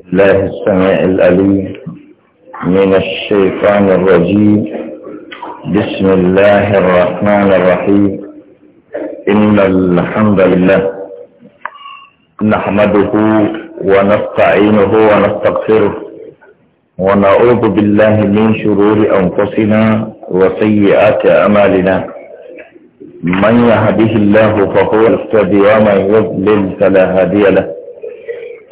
الله السميع الأليم من الشيطان الرجيم بسم الله الرحمن الرحيم إن الحمد لله نحمده ونستعينه ونستغفره ونعوذ بالله من شرور أنفسنا وسيئات أمالنا من يهده الله فهو الاهتدي ومن يضلل فلا هادي له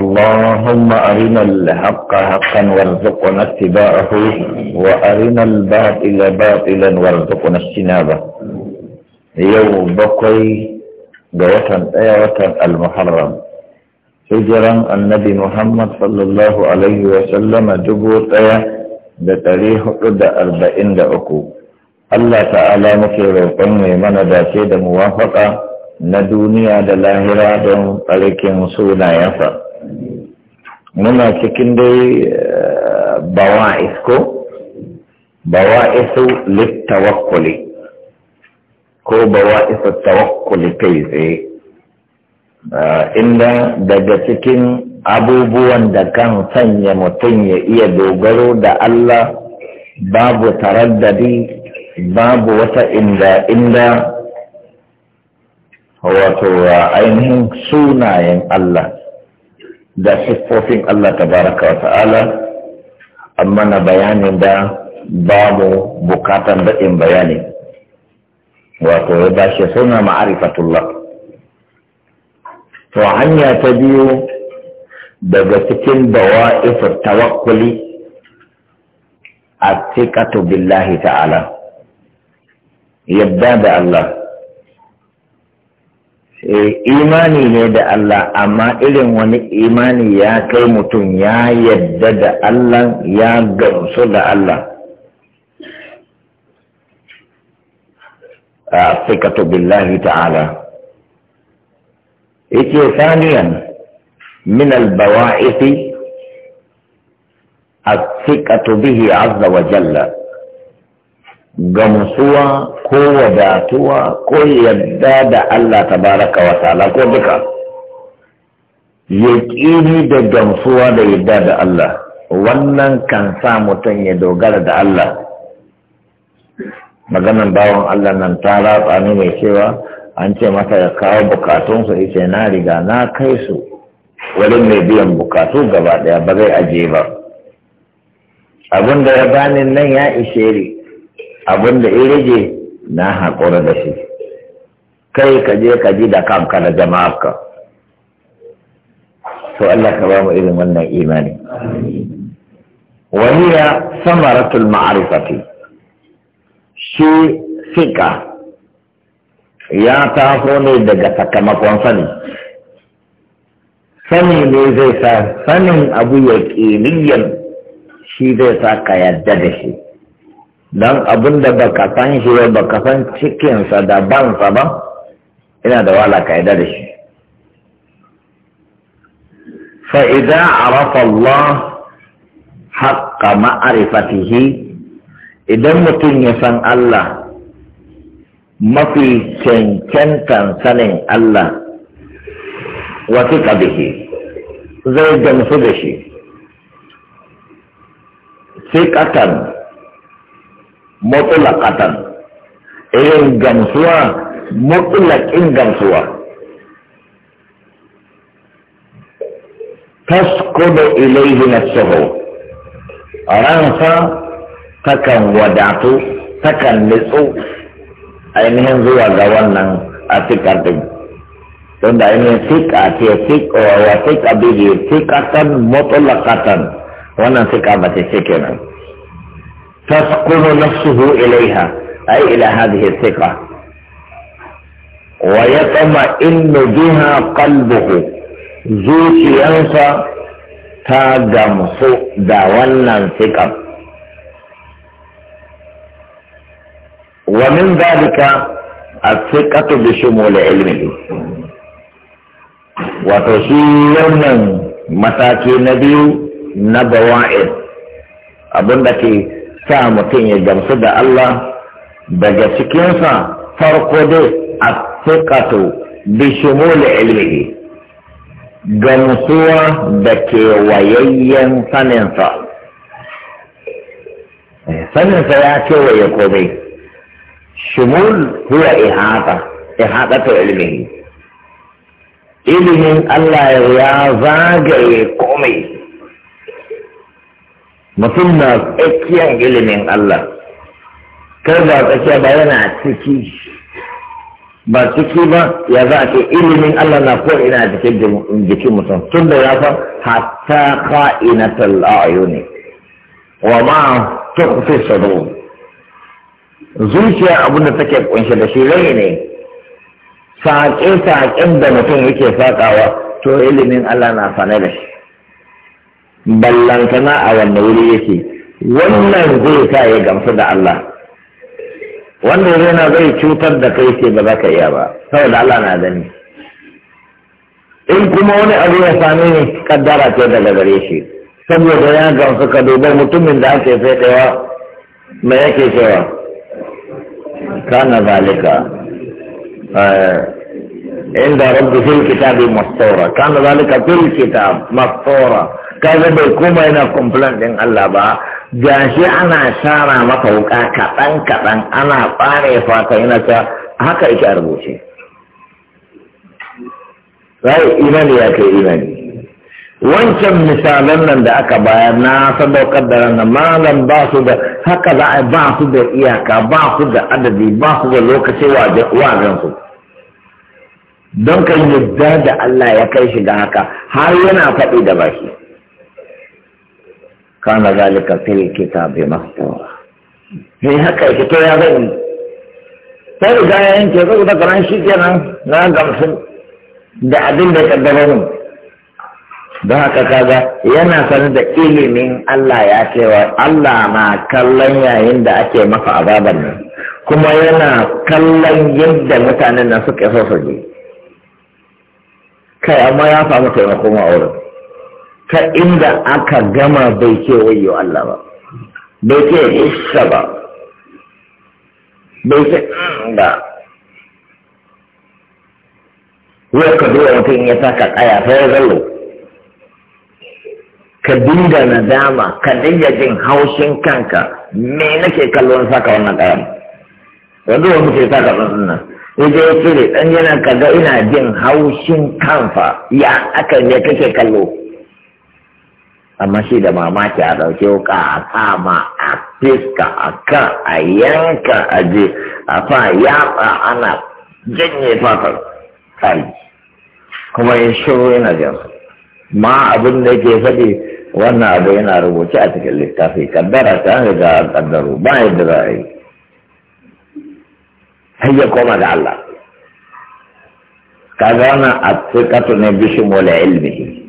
اللهم أرنا الحق حقا وارزقنا اتباعه وأرنا الباطل باطلا وارزقنا اجتنابه يوم بقي جوتن ايوتن المحرم هجرا النبي محمد صلى الله عليه وسلم جبوت da ɗari hudu da arba'in da uku. Allah ta'ala muke roƙon mai mana dace da muwafaƙa na duniya da lahira don tsarkin sunayensa. muna cikin dai eh, isko ko isu littawakuli ko isu tawakuli kai tsaye eh, inda daga cikin abubuwan da kan sanya mutum ya iya dogaro da Allah babu taraddadi babu wata inda inda wato ainihin sunayen Allah da siffofin Allah tabaraka wa ta'ala amma na bayanin da babu bukatan daɗin bayani wato ya ba shi suna ma'arifatullah to hanya ta biyu daga cikin dawa'ifar tawakkuli a billahi ta'ala yadda da Allah Eh, imani ne da Allah amma irin wani imani ya kai mutum ya yadda da Allah ya gamsu da Allah a sikatu billahi ta'ala yake saniyan min albawa'ifi a sikatu bihi azza wa jalla gamsuwa ko wadatuwa ko yadda da Allah tabaraka wa ta'ala ko duka yaƙini da gamsuwa da yadda da Allah wannan kan sa mutum ya dogara da Allah maganan bawon Allah nan ta ratsa ni mai cewa an ce masa ya kawo bukatunsu yace na riga na kai su wurin mai biyan bukatu gaba daya ba zai aje ba abinda ya bani nan ya ishe abin da ya rage na haƙura da shi kai ka je ka ji da kanka da jama'arka to Allah ka ba mu irin wannan imani waniya samaratul ma'arifati shi fika ya taso ne daga sakamakon sani sani ne zai sa sanin abu ya ƙiliyan shi zai sa ka yarda da shi dan abun da ba ka shi ba ba ka san cikin sa ba ina da wala ka yadda da shi fa idza arafa allah haqqan ma'rifatihi idan mutum ya san allah mafi cancan sanin allah wa fi qabihi zai da mafi da shi sai mutlaqatan irin gamsuwa mutlaqin gamsuwa taskudu ilaihi nafsuhu ransa takan wadatu takan nitsu ainihin zuwa ga wannan atikar din tunda ainihin fika ce fika wa fika bihi fikatan mutlaqatan wannan fika ba ta ce kenan تسكن نفسه إليها أي إلى هذه الثقة ويطمئن بها قلبه زوجي ينسى تاغمس ونن ثقة ومن ذلك الثقة بشمول علمه وتشيرنا متاكي نبي نبوائد أبن sa mutum ya gamsu da Allah daga cikinsa farko dai a fiƙato bishimul ilmihi gamsuwa da kewayayyen saninsa eh, saninsa ya kewaye komai shimul huwa ihata ta ilmihi ilimin Allah ya zagaye komai mutum na tsakiyar ilimin Allah kar ba tsakiya ba yana ciki ba ciki ba ya za a ce ilimin Allah na ko ina cikin jikin mutum tun da ya fa hatta ka'inatal a'yuni wa ma tukhfi sudur zuciya abin da take kunshe da shi rai ne saƙe-saƙen da mutum yake saƙawa to ilimin Allah na sane da shi ballantana a wanda wuri yake wannan zai sa ya gamsu da Allah wanda yana zai cutar da kai ce ba za ka iya ba saboda Allah na gani in kuma wani abu ya same ni kaddara ce daga gare shi saboda ya gamsu ka dubar mutumin da ake sai ɗaya me yake cewa kana zalika eh, inda rabbi fil kitabi mastura kana zalika fil kitab mastura kaga bai koma yana complain din Allah ba gashi ana shara maka wuka kaɗan kaɗan ana ɓare fata yana ta haka yake a rubuce rai imani ya kai imani wancan misalan nan da aka bayar na sadaukar da ranar malam ba su da haka za a ba su da iyaka ba su da adadi ba su da lokaci wajen su don ka yadda da Allah ya kai shi ga haka har yana faɗi da baki كان ذلك في الكتاب مخطورا في حقا كتاب ya sai da ya yanke zai da karan shi kenan na gamsu da abin da kaddara mun don haka kaga yana sanar da ilimin Allah ya cewa Allah na kallon yayin da ake masa azabar nan kuma yana kallon yadda mutanen nan suka so su kai amma ya samu taimako ma wurin ta inda aka gama bai ce wayo Allah ba bai ce hissa ba bai ce da mm wai ka duba mutum ya saka kaya ta ya zallo ka dinga nadama ka dinga jin haushin kanka me nake kallon saka wannan kayan wanda wani ke saka tsantsan nan yaje ya cire ɗan yana kaga ina jin haushin kanfa ya Aka ne kake kallo amma shi da mamaki a ɗauke wuka a kama a fiska a kan a yanka a je a fa yatsa ana janye fatar kai kuma ya shiru yana jan ma abin da yake faɗi wannan abu yana rubuce a cikin littafi kaddara ta riga kaddaro ba yadda za a yi har koma da Allah kaga wannan a tsikatu ne bishimul ilmihi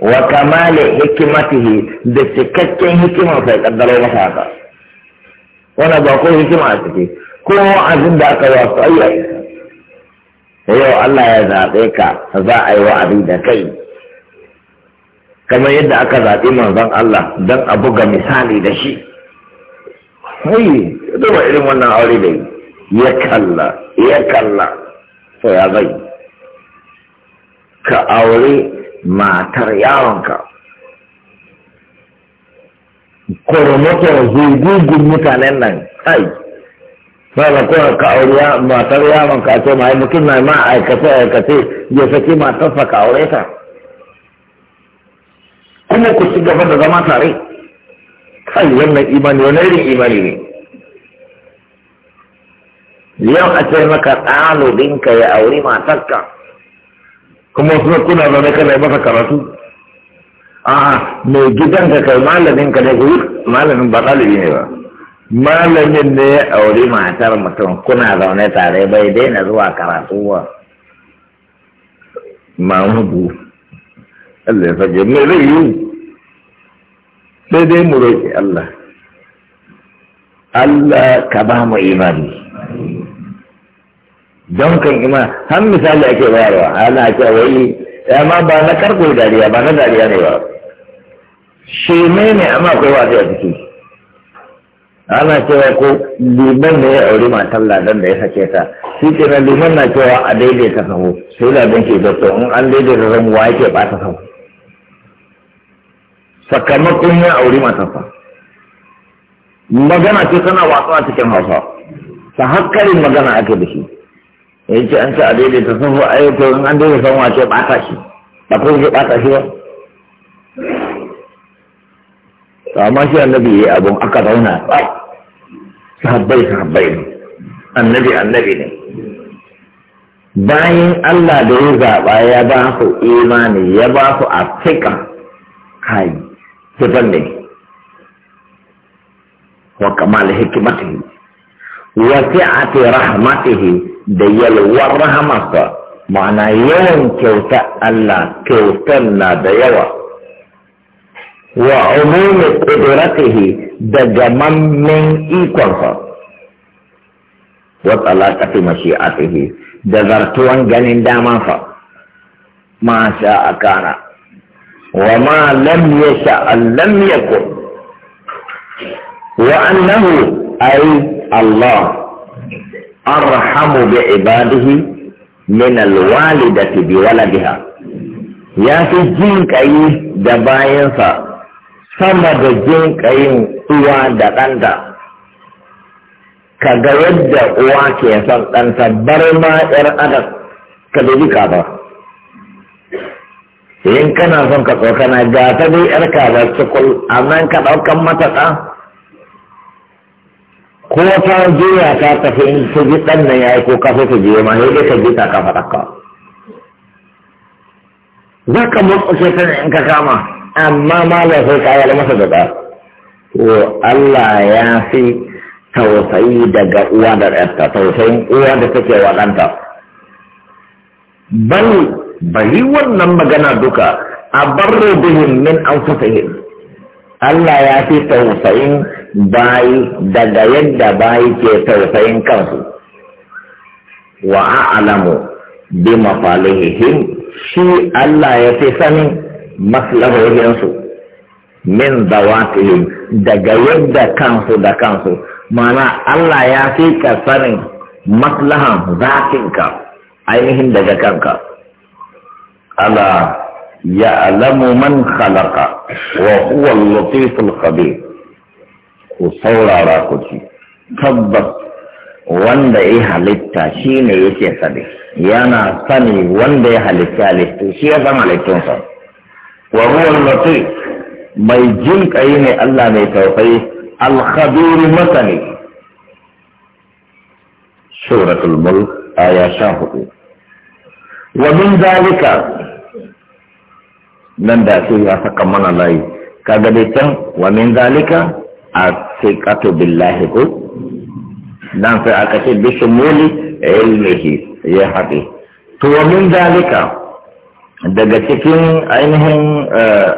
wa kamale hikimatihi da cikakken hikimar sai kaddaro masa haka wannan ba ko hikima a ciki ko abin da aka wasu ayyai yau Allah ya zaɓe ka za a yi wa'azi da kai kamar yadda aka zaɓi manzon Allah don a buga misali da shi hai duba irin wannan aure da ya kalla ya kalla to ya zai ka aure matar yawonka koromoto zugugun mutanen nan kai sai, da kowa ka aure matar yawon a ce ma mutum na ma aikace aikace ya saki matarsa ka aure ta kuma ku ci gaba da zama tare kai wannan imani wani irin imani ne yau a ce maka ɗalibinka ya auri matarka kuma wasu kuna zaune kana yi masa karatu a'a mai gidan ka kai malamin ka ne ku malamin ba ɗalibi ne ba malamin ne ya auri matar mutum kuna zaune tare bai daina zuwa karatu ba mamudu Allah ya fage mai zai yi sai dai mu roƙi Allah Allah ka ba mu imani don kan ima han misali ake bayarwa ana ake wai ya ma ba na karko dariya ba na dariya ne ba shi ne ne amma akwai wasu a ciki ana cewa ko liman ne ya auri matan ladan da ya sake ta shi ke na liman na cewa a daidaita sahu sai ladan ke zato in an daidaita sahu wa yake ba ta sahu sakamakon ya auri matarsa magana ce tana wasu a cikin hausa ta hakkarin magana ake da shi ya ce an ci a daidaita sun fi ayyuka in an daidaita sun wace ɓata shi ba kuma zai ɓata shi ba to amma shi annabi ya yi abun aka zauna ɓai sahabbai sahabbai ne annabi annabi ne bayan Allah da ya zaɓa ya ba su imani ya ba su fika kai fitar ne wa kamal hikimatihi wa fi'ati rahmatihi da yalwar rahamarsa ma'ana yawan kyauta Allah kyautan na da yawa wa umumi qudratihi da gamammen ikonsa wa talaqati mashi'atihi da zartuwan ganin damansa ma sha a kana wa ma lam sha lam wa annahu ay Allah arhamu bi ibadihi min alwalidati bi waladiha ya fi jin kayi da bayansa sama da jin kayin uwa da ɗanta kaga yadda uwa ke son ɗanta bar ma ƴar adam ka dubi ka ba in kana son ka tsokana ga ta dai ƴar ka ba cikul amma ka ɗaukan mata ko ta juya ta tafi in ta ji ɗan nan ya yi ko kafa ta je ma sai dai ka ji ta kafa ɗaka za ka motsa ta in ka kama amma malam sai ka yi masa da ɗa to Allah ya fi tausayi daga uwa da ɗanta tausayin uwa da take wa ɗanta bal bari wannan magana duka a barro bihin min an Allah ya fi tausayin bayi daga yadda bayi ke tausayin kansu wa a'lamu bi mafalihihim shi Allah ya fi sanin maslahohinsu min zawatihim daga yadda kansu da kansu mana Allah ya fi ka sanin maslahan zatinka ainihin daga kanka Allah ya alamu man khalaqa wa huwa al al khabir ku saurara ku ci tabbas wanda ya halitta shi ne yake sani yana sani wanda ya halitta halittu shi ya san halittunsa wa huwa mai jin kai ne Allah mai taufai al masani suratul mulk aya hudu wa min zalika nan da su ya saka mana layi kaga dai can wa min zalika الثقة بالله هو نعم في أكثر بشمول علمه يا حقي ومن ذلك daga cikin ainihin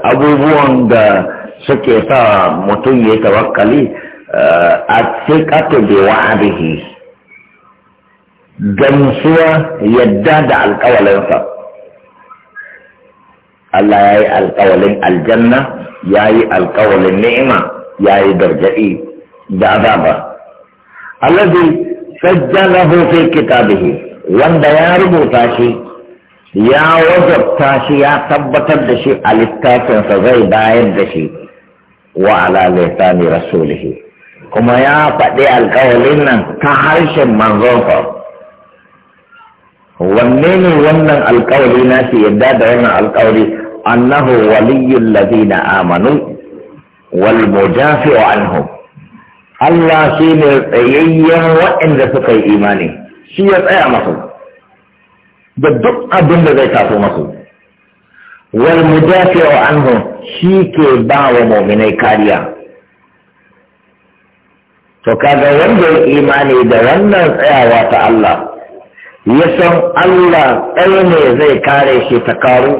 abubuwan da suke sa mutum ya tawakkali a cikatu bi wa'adihi gamsuwa yadda da alkawalinsa Allah ya yi alkawalin aljanna ya yi alkawalin ni'ima يعني درجعي دعذابا الذي سجله في كتابه وان ديارمو تاشي يا وجب تاشي يا ثبت الدشي على التاكن فزي باين دشي وعلى لسان رسوله كما يا فأدي القولين كحرش منظوفة ومن ومن القول ناسي يداد ومن القول أنه ولي الذين آمنوا والمدافع عنهم Allah shi ne tsayayyen waɗanda suka yi imani shi ya tsaya masu da duk abin da zai taso masu wal mudafi wa anhu shi ke ba wa muminai kariya to kaga wanda ya imani da wannan tsayawa ta Allah ya san Allah tsaye ne zai kare shi ta karu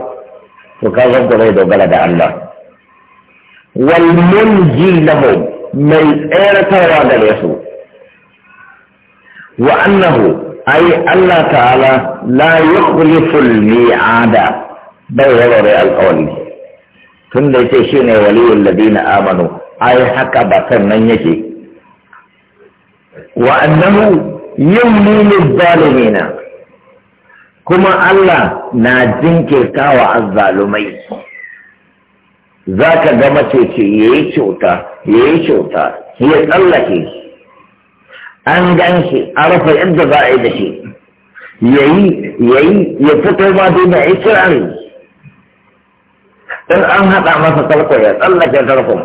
to kaga ba zai dogara da Allah wal munji mai tsayarwa gare su wa annahu ai Allah ta'ala la yukhlifu al-mi'ada bai warware alƙawari tun da yake shine waliyul ladina amanu ai haka ba nan yake wa annahu yumni zalimina kuma Allah na jinkirta wa azzalumai za ka ga macece ya yi kyauta ya yi kyauta ya tsallake an gan shi a rufe yadda za a yi da shi ya yi ya yi ya fito ma duniya ya kira ne in an haɗa masa tarko ya tsallake tarkon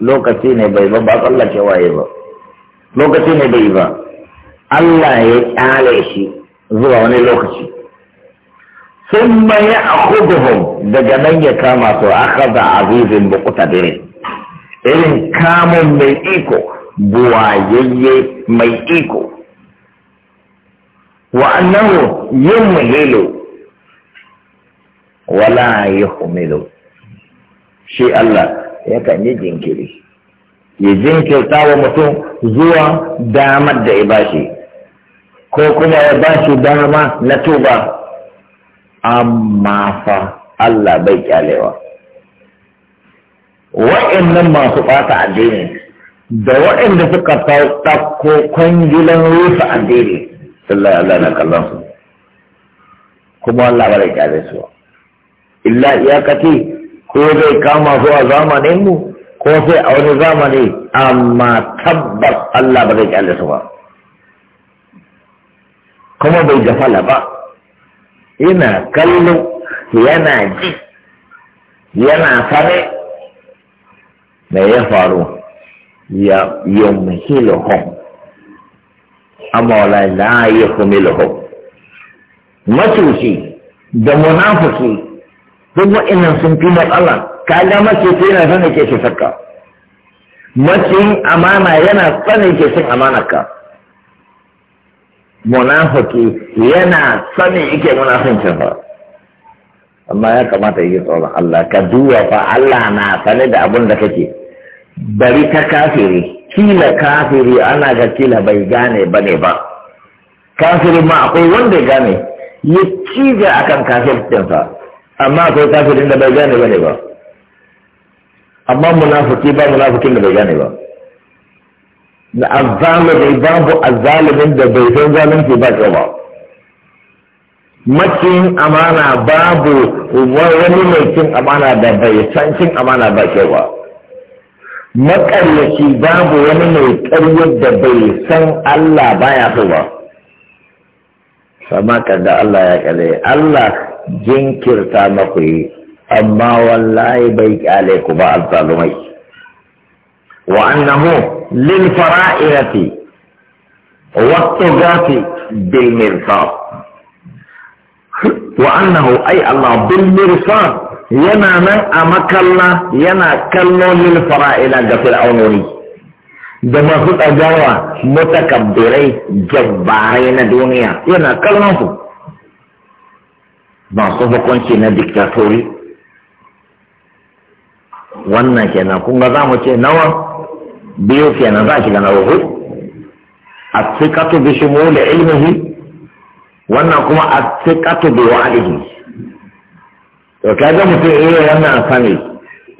lokaci ne bai ba ba tsallake waye ba lokaci ne bai ba Allah ya kyale shi zuwa wani lokaci sun maye a kuduhun daga nan ya kama su aka da azizin muƙutadire irin kamun mai iko buwayayye mai iko wa annahu yin muhilu wala yi humilu shi Allah yakan yi jinkiri ya jinkirta wa mutum zuwa damar da ya bashi ko kuma ya bashi dama na tuba amma fa Allah bai kyalewa wa'annan masu ɓata addini da waɗanda suka ɗauko kwangilan rufe addini sallallahu Allah na kallon su kuma Allah bai kyale su illa iyakati ko zai kama su a zamanin mu ko sai a wani zamani amma tabbas Allah bai kyale su ba kuma bai fala ba Ina kallo yana ji yana fare me ya faru ya yumhiluhum amma la la yahmiluhum matuci da munafiki duk wa'annan sun fi matsala Ka mace ce yana sane ke shi sakka macin amana yana sane ke amana ka. munafiki yana sanin yake munafincin ba amma ya kamata yi tsoron Allah ka duwa fa Allah na sane da abin da kake bari ta kafiri kila kafiri ana ga kila bai gane ba ba kafiri ma akwai wanda ya gane ya cije akan kafircinsa amma akwai kafirin da bai gane ba ne ba amma munafiki ba munafikin da bai gane ba da azzalimi babu azzalimin da bai san zalunci ba kyau ba makin amana babu wani mai cin amana da bai san cin amana ba kyau ba makaryaci babu wani mai ƙaryar da bai san Allah baya so ba sama da Allah ya kare Allah jinkirta makoyi amma wallahi bai kyale ku ba azzalumai وأنه للفرائرة والطغاة بالمرصاد وأنه أي الله بالمرصاد ينا من أمك الله ينا كله للفرائرة غفر أونوني دما خط duniya. متكبري جبارين دنيا ينا كله ما صفقون na ديكتاتوري wannan kenan kun ga za mu ce nawa biyu kenan za a shiga na uku a tsikatu bi shimuli ilmihi wannan kuma a tsikatu bi wa'adihi to kaga mutum iya wannan sani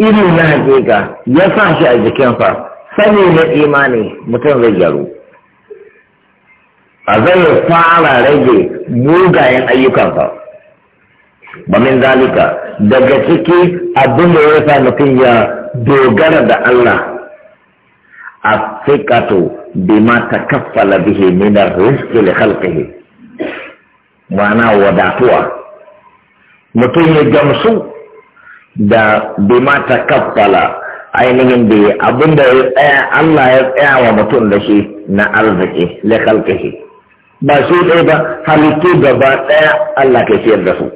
irin na hakika ya sa shi a jikinsa sani na imani mutum zai gyaru a zai fara rage mugayen ayyukansa ba min zalika daga ciki abin da ya sa mutum ya dogara da Allah الثقة بما تكفل به من الرزق لخلقه معنى ودعتوا متين da bima ta kaffala ainihin da abin da eh, Allah ya tsaya eh, wa mutum da shi na arziki la kalkashi ba shi dai ba halittu eh, gaba ɗaya Allah ke ciyar da su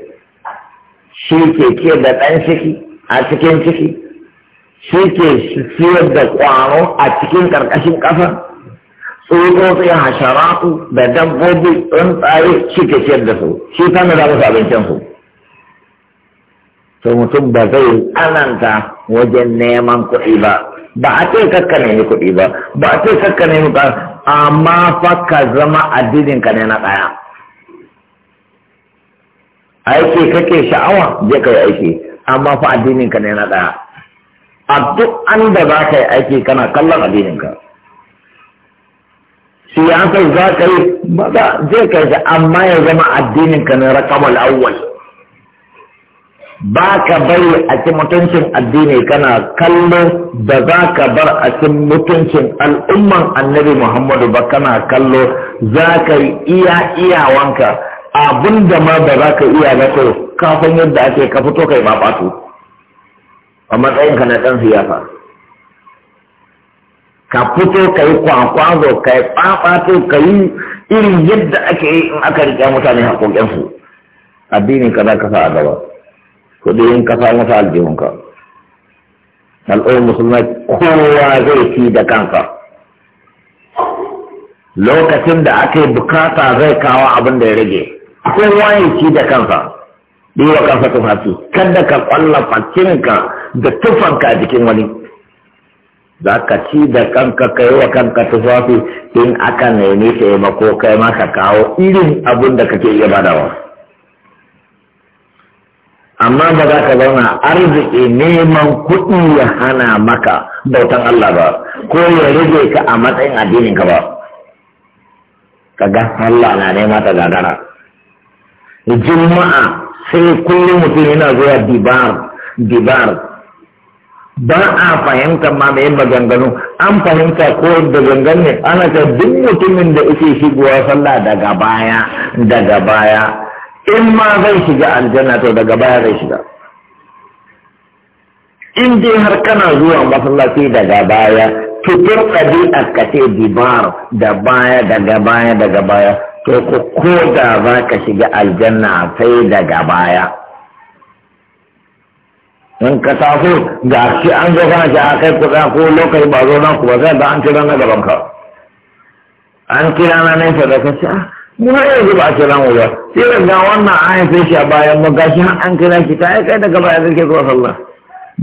shi ke ciyar da ɗan ciki a cikin ciki suke siyar da ƙwaro a cikin ƙarƙashin ƙasa tsotsotsi hasharatu da dabbobi tsuntsaye shi siyar da su shi tana da musu abincin su to mutum ba zai ananta wajen neman kuɗi ba ba a ce kakka nemi kuɗi ba ba a ce kakka nemi ba amma fa ka zama addinin ka ne na ɗaya aiki kake sha'awa je ka yi aiki amma fa addinin ka ne na ɗaya a duk an da za ka yi aiki kana kallon addininka siyasar za ka yi maza zai kai shi amma ya zama addininka na rakamul awwal ba ka bari a cikin mutuncin addini kana kallo da za ka bar a cikin mutuncin al'umman annabi muhammadu ba kana kallo za ka yi iya iyawanka abin da ma ba za ka iya ba kafin yadda ake ka fito kai ba a matsayinka na ɗan siyasa ka fito ka yi kwakwazo ka yi ƙwaƙwato ka yi irin yadda ake yi in aka riƙe mutane haƙoƙinsu addinin ka za ka sa a gaba in ka sa masa aljihunka al'ummar musulmai kowa zai ci da kansa lokacin da aka yi bukata zai kawo abin da ya rage kowa ya ci da kansa yi wa kansa tufafi kada ka ƙwallafa kinka da tufanka a jikin wani za ka ci da kanka kai wa kanka tufafi in aka nemi taimako kai ma ka kawo irin abun da kake iya badawa amma ba za ka zauna arziki neman kuɗi ya hana maka bautan Allah ba ko ya rage ka a matsayin addinin ka ba kaga Allah na nema ta gagara juma'a sai kullum mutum yana zuwa dibar dibar ba a fahimta ma mai maganganu an fahimta ko da gangan ne ana ta duk mutumin da yake shigowa sallah daga baya daga baya in ma zai shiga aljanna to daga baya zai shiga in dai har kana zuwa masallaci daga baya fitar ɗabi'a ka ce dibar da baya daga baya daga baya to ko da za ka shiga aljanna sai daga baya in ka taso ga shi an zo kana ce a kai kuɗa ko lokaci ba zo na ku ba sai da an kira na gaban ka an kira na nesa da ka ce ah, mu har yanzu ba a kira mu ba sai ga wannan an haife shi a bayan mu gashi an kira shi ta kai daga baya zai ke zuwa sallah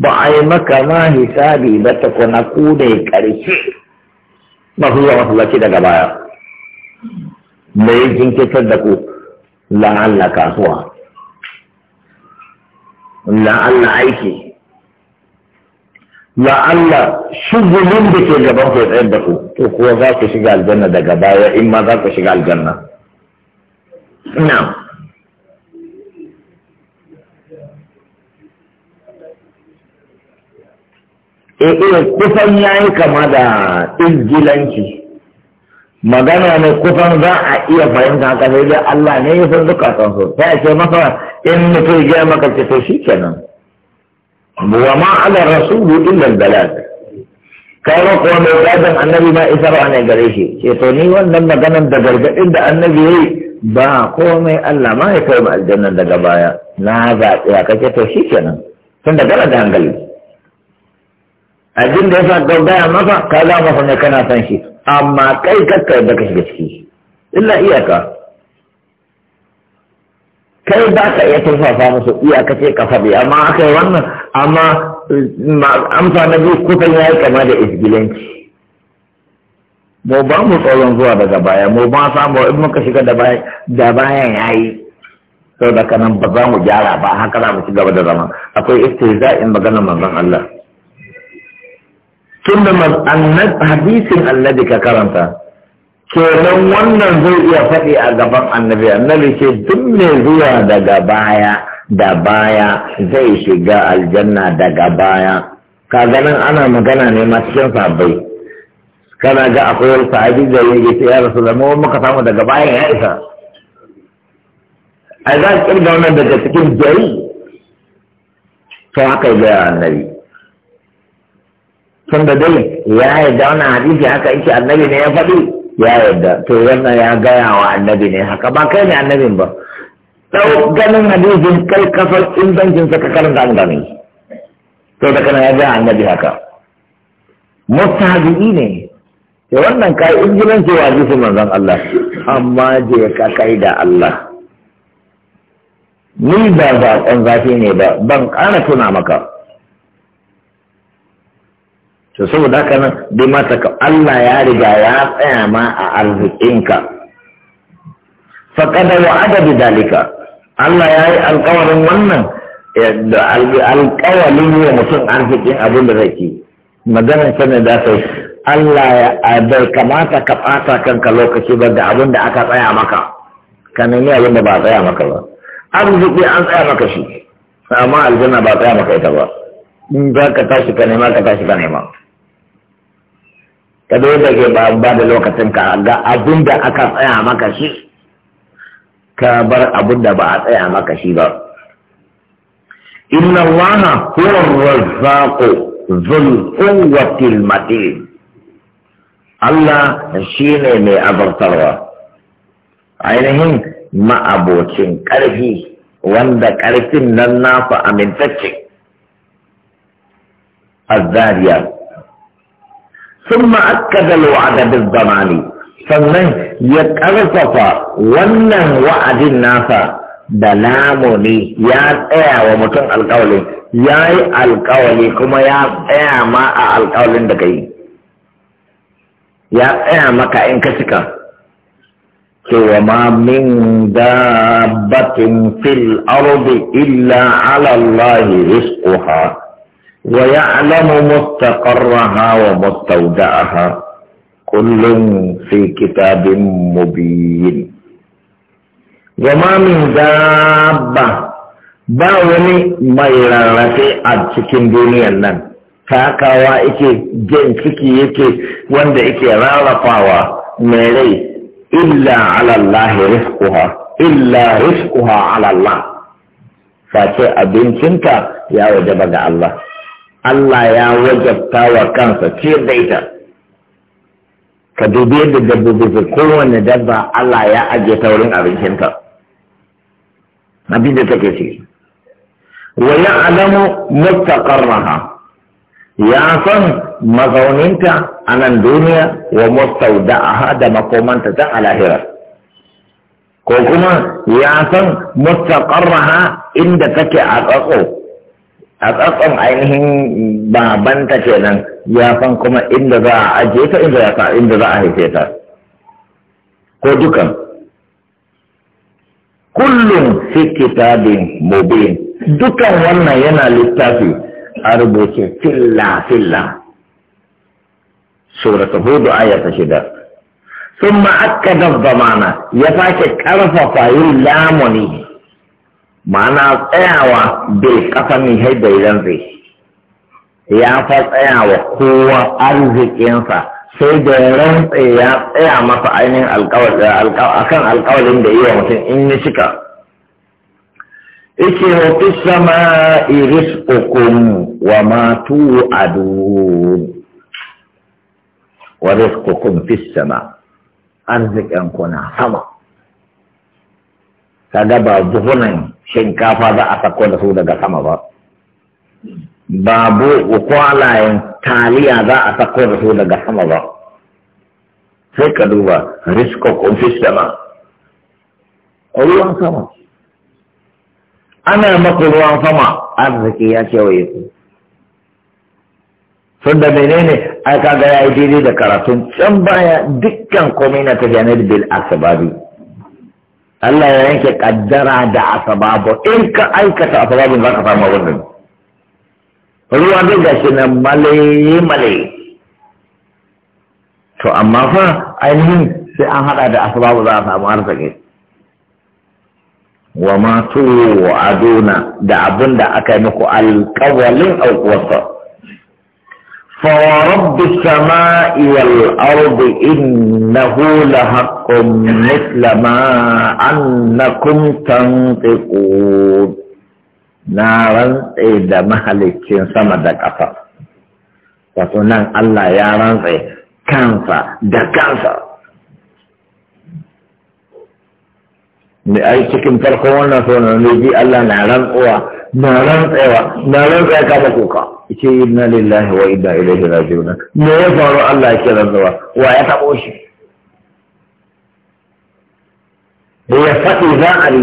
ba a yi maka na hisabi ba ta kuna ku da ƙarshe ba su zuwa masallaci daga baya me jinkirtar da ku la'alla kasuwa Allah aiki Allah shugulin da ke gaban ku tsayar da ku to kuwa za ku shiga aljanna daga baya in ma za ku shiga aljanna na e eh, irin eh, kusan yayi kama da izgilanci magana ne kusan za a iya fahimta haka sai dai Allah ne ya san zukatan su sai a ce masa in mutum ya maka ce shi kenan wa ma ala rasulu illa balad kai ma kuma mai gadon annabi ma isarwa ne gare shi ce to ni wannan maganan da gargadin da annabi yayi ba komai Allah ma ya kai mu aljanna daga baya na zaɓi a kake to shi kenan tun da gara da hankali abin da ya sa gaugaya masa ka za masa ne kana son shi amma kai kakka da ka shiga ciki illa iyaka kai ba ka iya turfafa musu iyaka ce ka faɗi amma aka yi wannan amma amsa na biyu kusan ya yi kama da isgilanci mu ba mu tsoron zuwa daga baya mu ba samu in muka shiga da bayan yayi. yi sau da kanan ba za mu gyara ba haka za mu ci gaba da zama akwai in magana manzon Allah tun da hadisin annabi ka karanta kenan wannan zai iya faɗi a gaban annabi annabi ce duk mai zuwa daga baya da baya zai shiga aljanna daga baya ka ganin ana magana ne ma cikin sabai kana ga akwai wani sahabi da ya ce ya rasu zama wani muka samu daga baya ya isa a za a kirga wannan daga cikin jari to haka ya gaya annabi tun da dai ya yarda wannan hadisi haka yake annabi ne ya faɗi ya yarda to wannan ya gaya wa annabi ne haka ba kai ne annabin ba ɗau ganin hadisin kai kasar ingancin sa ka karanta an gani to da kana ya gaya annabi haka mustahabi ne to wannan kai ingilanci wa jisun manzon Allah amma je ka kai da Allah ni ba zaƙon zafi ne ba ban ƙara tuna maka to saboda haka nan bai mata ka Allah ya riga ya tsaya ma a arzikinka kada wa adadi dalika Allah ya yi alƙawarin wannan eh, da alƙawarin wa mutum arzikin abin da zai maganar sanin da sai Allah ya bai kamata ka ɓata kanka lokaci ba da abin da aka tsaya maka ka nemi abin da ba tsaya maka ba arziki an tsaya maka shi amma aljanna ba tsaya maka ita ba in za ka tashi ka nema ka tashi ka nema ka zo da ba da lokacin ka ga abin da aka tsaya maka shi ka bar abin da ba a tsaya maka shi ba inna allaha huwa razzaqu dhul watil matin Allah shine mai abartarwa ainihin ma'abocin ƙarfi wanda ƙarfin nan nafa amintacce zaria. ثم أكد الوعد بالضمان sannan ya ƙarfafa wannan wa'adin nasa da lamuni ya tsaya wa mutum alƙawalin ya yi alƙawali kuma ya tsaya ma a alƙawalin da yi ya tsaya maka in ka cika cewa ma min dabbatin fil ardi illa ala Allah ويعلم مستقرها ومستودعها كل في كتاب مبين وما min دابة ba wani mai rarrafe a cikin duniyar nan takawa yake jin ciki yake wanda yake rarrafawa mai rai illa alallahi rizquha illa rizquha alallah face abincinta ya wajaba ga Allah Allah ya wajabta wa kansa ciyar da ita ka dubi yadda dabbobi su kowane dabba Allah ya ajiye ta wurin abincinta abin da take ce wa ya alamu mutaqarraha ya san mazauninta a nan duniya wa mustaudaha da makomanta ta a ko kuma ya san mutaqarraha inda take a tsatso a tsatson ainihin babanta kenan ya san kuma inda za a ajiye ta inda ya inda za a haife ta ko dukan kullum fi kitabin mubin dukan wannan yana littafi a rubuce filla filla ta hudu aya ta shida ثم ya sake karfafa yin lamuni. ma'ana tsayawa bil kasami hai bai ranzai ya fa tsayawa kowa arzikinsa sai da rantse ya tsaya masa ainihin eh, akan alkawalin da yi wa mutum in ya cika ike hotu sama iris ukun wa matu adu wa rizqukum fis sama arzikin kuna sama kaga ba buhunan shinkafa za a sako da su daga sama ba babu kwalayen taliya za a sako da su daga sama ba sai ka duba risko kumfis sama ruwan sama ana maka ruwan sama arziki ya kewaye ku sun da menene ai kaga ya yi daidai da karatun can baya dukkan kwamina ta janar bil asabari. Allah ya yanke kaddara da asababu in ka aikata asababin za ka samu wannan ruwa duk gashi na male-male to amma fa ainihin sai an hada da asababu za a samu arziki wa ma aduna da abin da aka yi muku alƙawalin aukuwarsa فورب السماء والأرض إنه لحق مثل ما أنكم تنطقون نارا إذا مهلكين سمدك أفر وتنان الله يا رنزي كانسا دا كانسا mai ai cikin farkon wannan sauran ne ji Allah na rantsawa na rantsa ka ba kuka ce inna lillahi wa inna ilaihi raji'un me ya faru Allah ya kira wa ya tabo shi da ya faɗi za a yi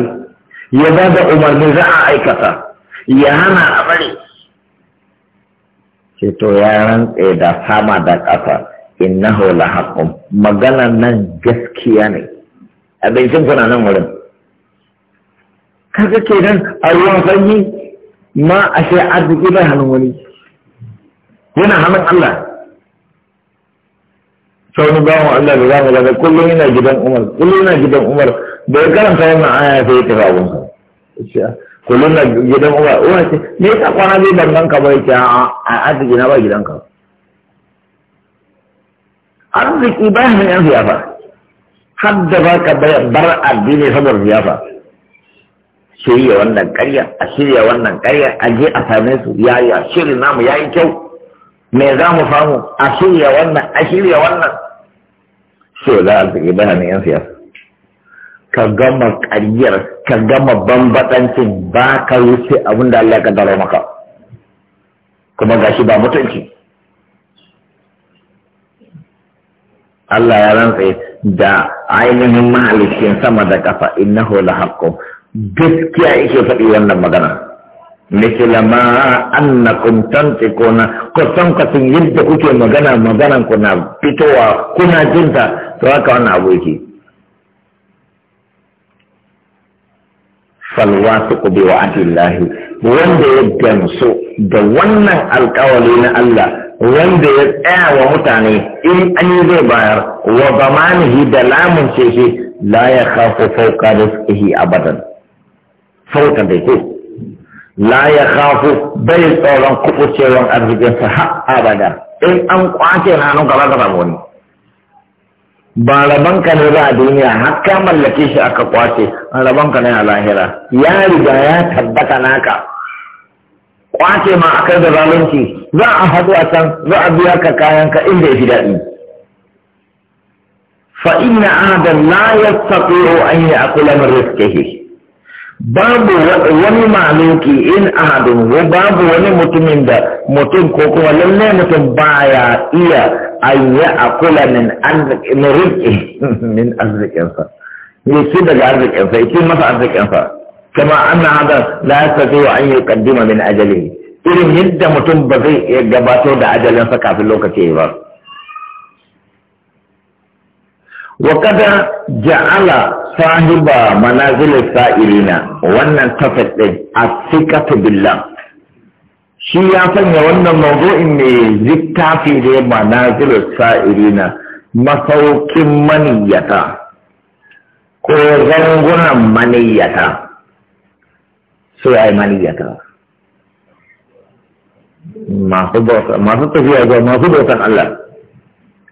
ya ba da umarni za a aikata ya hana a bari ce to ya rantse da sama da ƙasa innahu la haqqun magana nan gaskiya ne abincin kuna nan wurin kaga kenan a ruwan sanyi ma ashe arziki bai hannun wani yana hannun Allah ba mu Allah da zamu gada kullum yana gidan Umar kullum yana gidan Umar da ya karanta yana aya sai ya tafi abun kullum na gidan Umar Umar ce me yasa kwana zai bangan ka bai ce a arziki na ba gidan ka arziki bai hannun yan ziyafa har ba ka bar addini saboda ziyafa shirya wannan karya a shirya wannan karya a je a same su ya yi shirin namu ya yi kyau me za mu famu a shirya wannan a shirya wannan so za a tsaki bana ne yan siyasa ka gama karyar ka gama bambatancin ba ka wuce abin da Allah ya kaddara maka kuma gashi ba mutunci Allah ya rantsa da ainihin mahalicin sama da kafa innahu lahaqqun gaskiya yake faɗi wannan magana nake lama annakum tantiquna kusan kasin yadda kuke magana maganan ku na fitowa kuna jinta to haka wannan abu yake falwasiqu bi wanda ya gamsu da wannan alƙawari na Allah wanda ya tsaya wa mutane in an yi zai bayar wa zamanihi da lamun ce shi la ya khafu abadan farka da ko la ya khafu bai tsoron kuɓucewan arzikinsa ha abada in an kwace hannun gaba gaba wani ba rabon ka ne ba a duniya har ka mallake shi aka kwace rabon ka ne a lahira ya riga ya tabbata naka kwace ma akai da zalunci za a hadu a can za a biya ka kayan ka inda ya fi daɗi fa inna adam la yastati'u an ya'kula min rizqihi babu wani maluki in ahadun babu wani mutumin da mutum ko kuma lalle mutum baya iya an yi akula min arziki min arzikinsa ne shi daga arzikinsa ya ci masa arzikinsa kama anna hada la yastati an yuqaddima min ajali irin yadda mutum ba zai iya gabato da ajalinsa kafin lokaci ba وقد ja'ala sahiba منازل السائلين wannan tafat din asikatu billah shi ya sanya wannan mawdu'in ne littafi da manazil sa'irina masaukin maniyata ko zangunan maniyata sai ai maniyata masu tafiya ga masu bautan Allah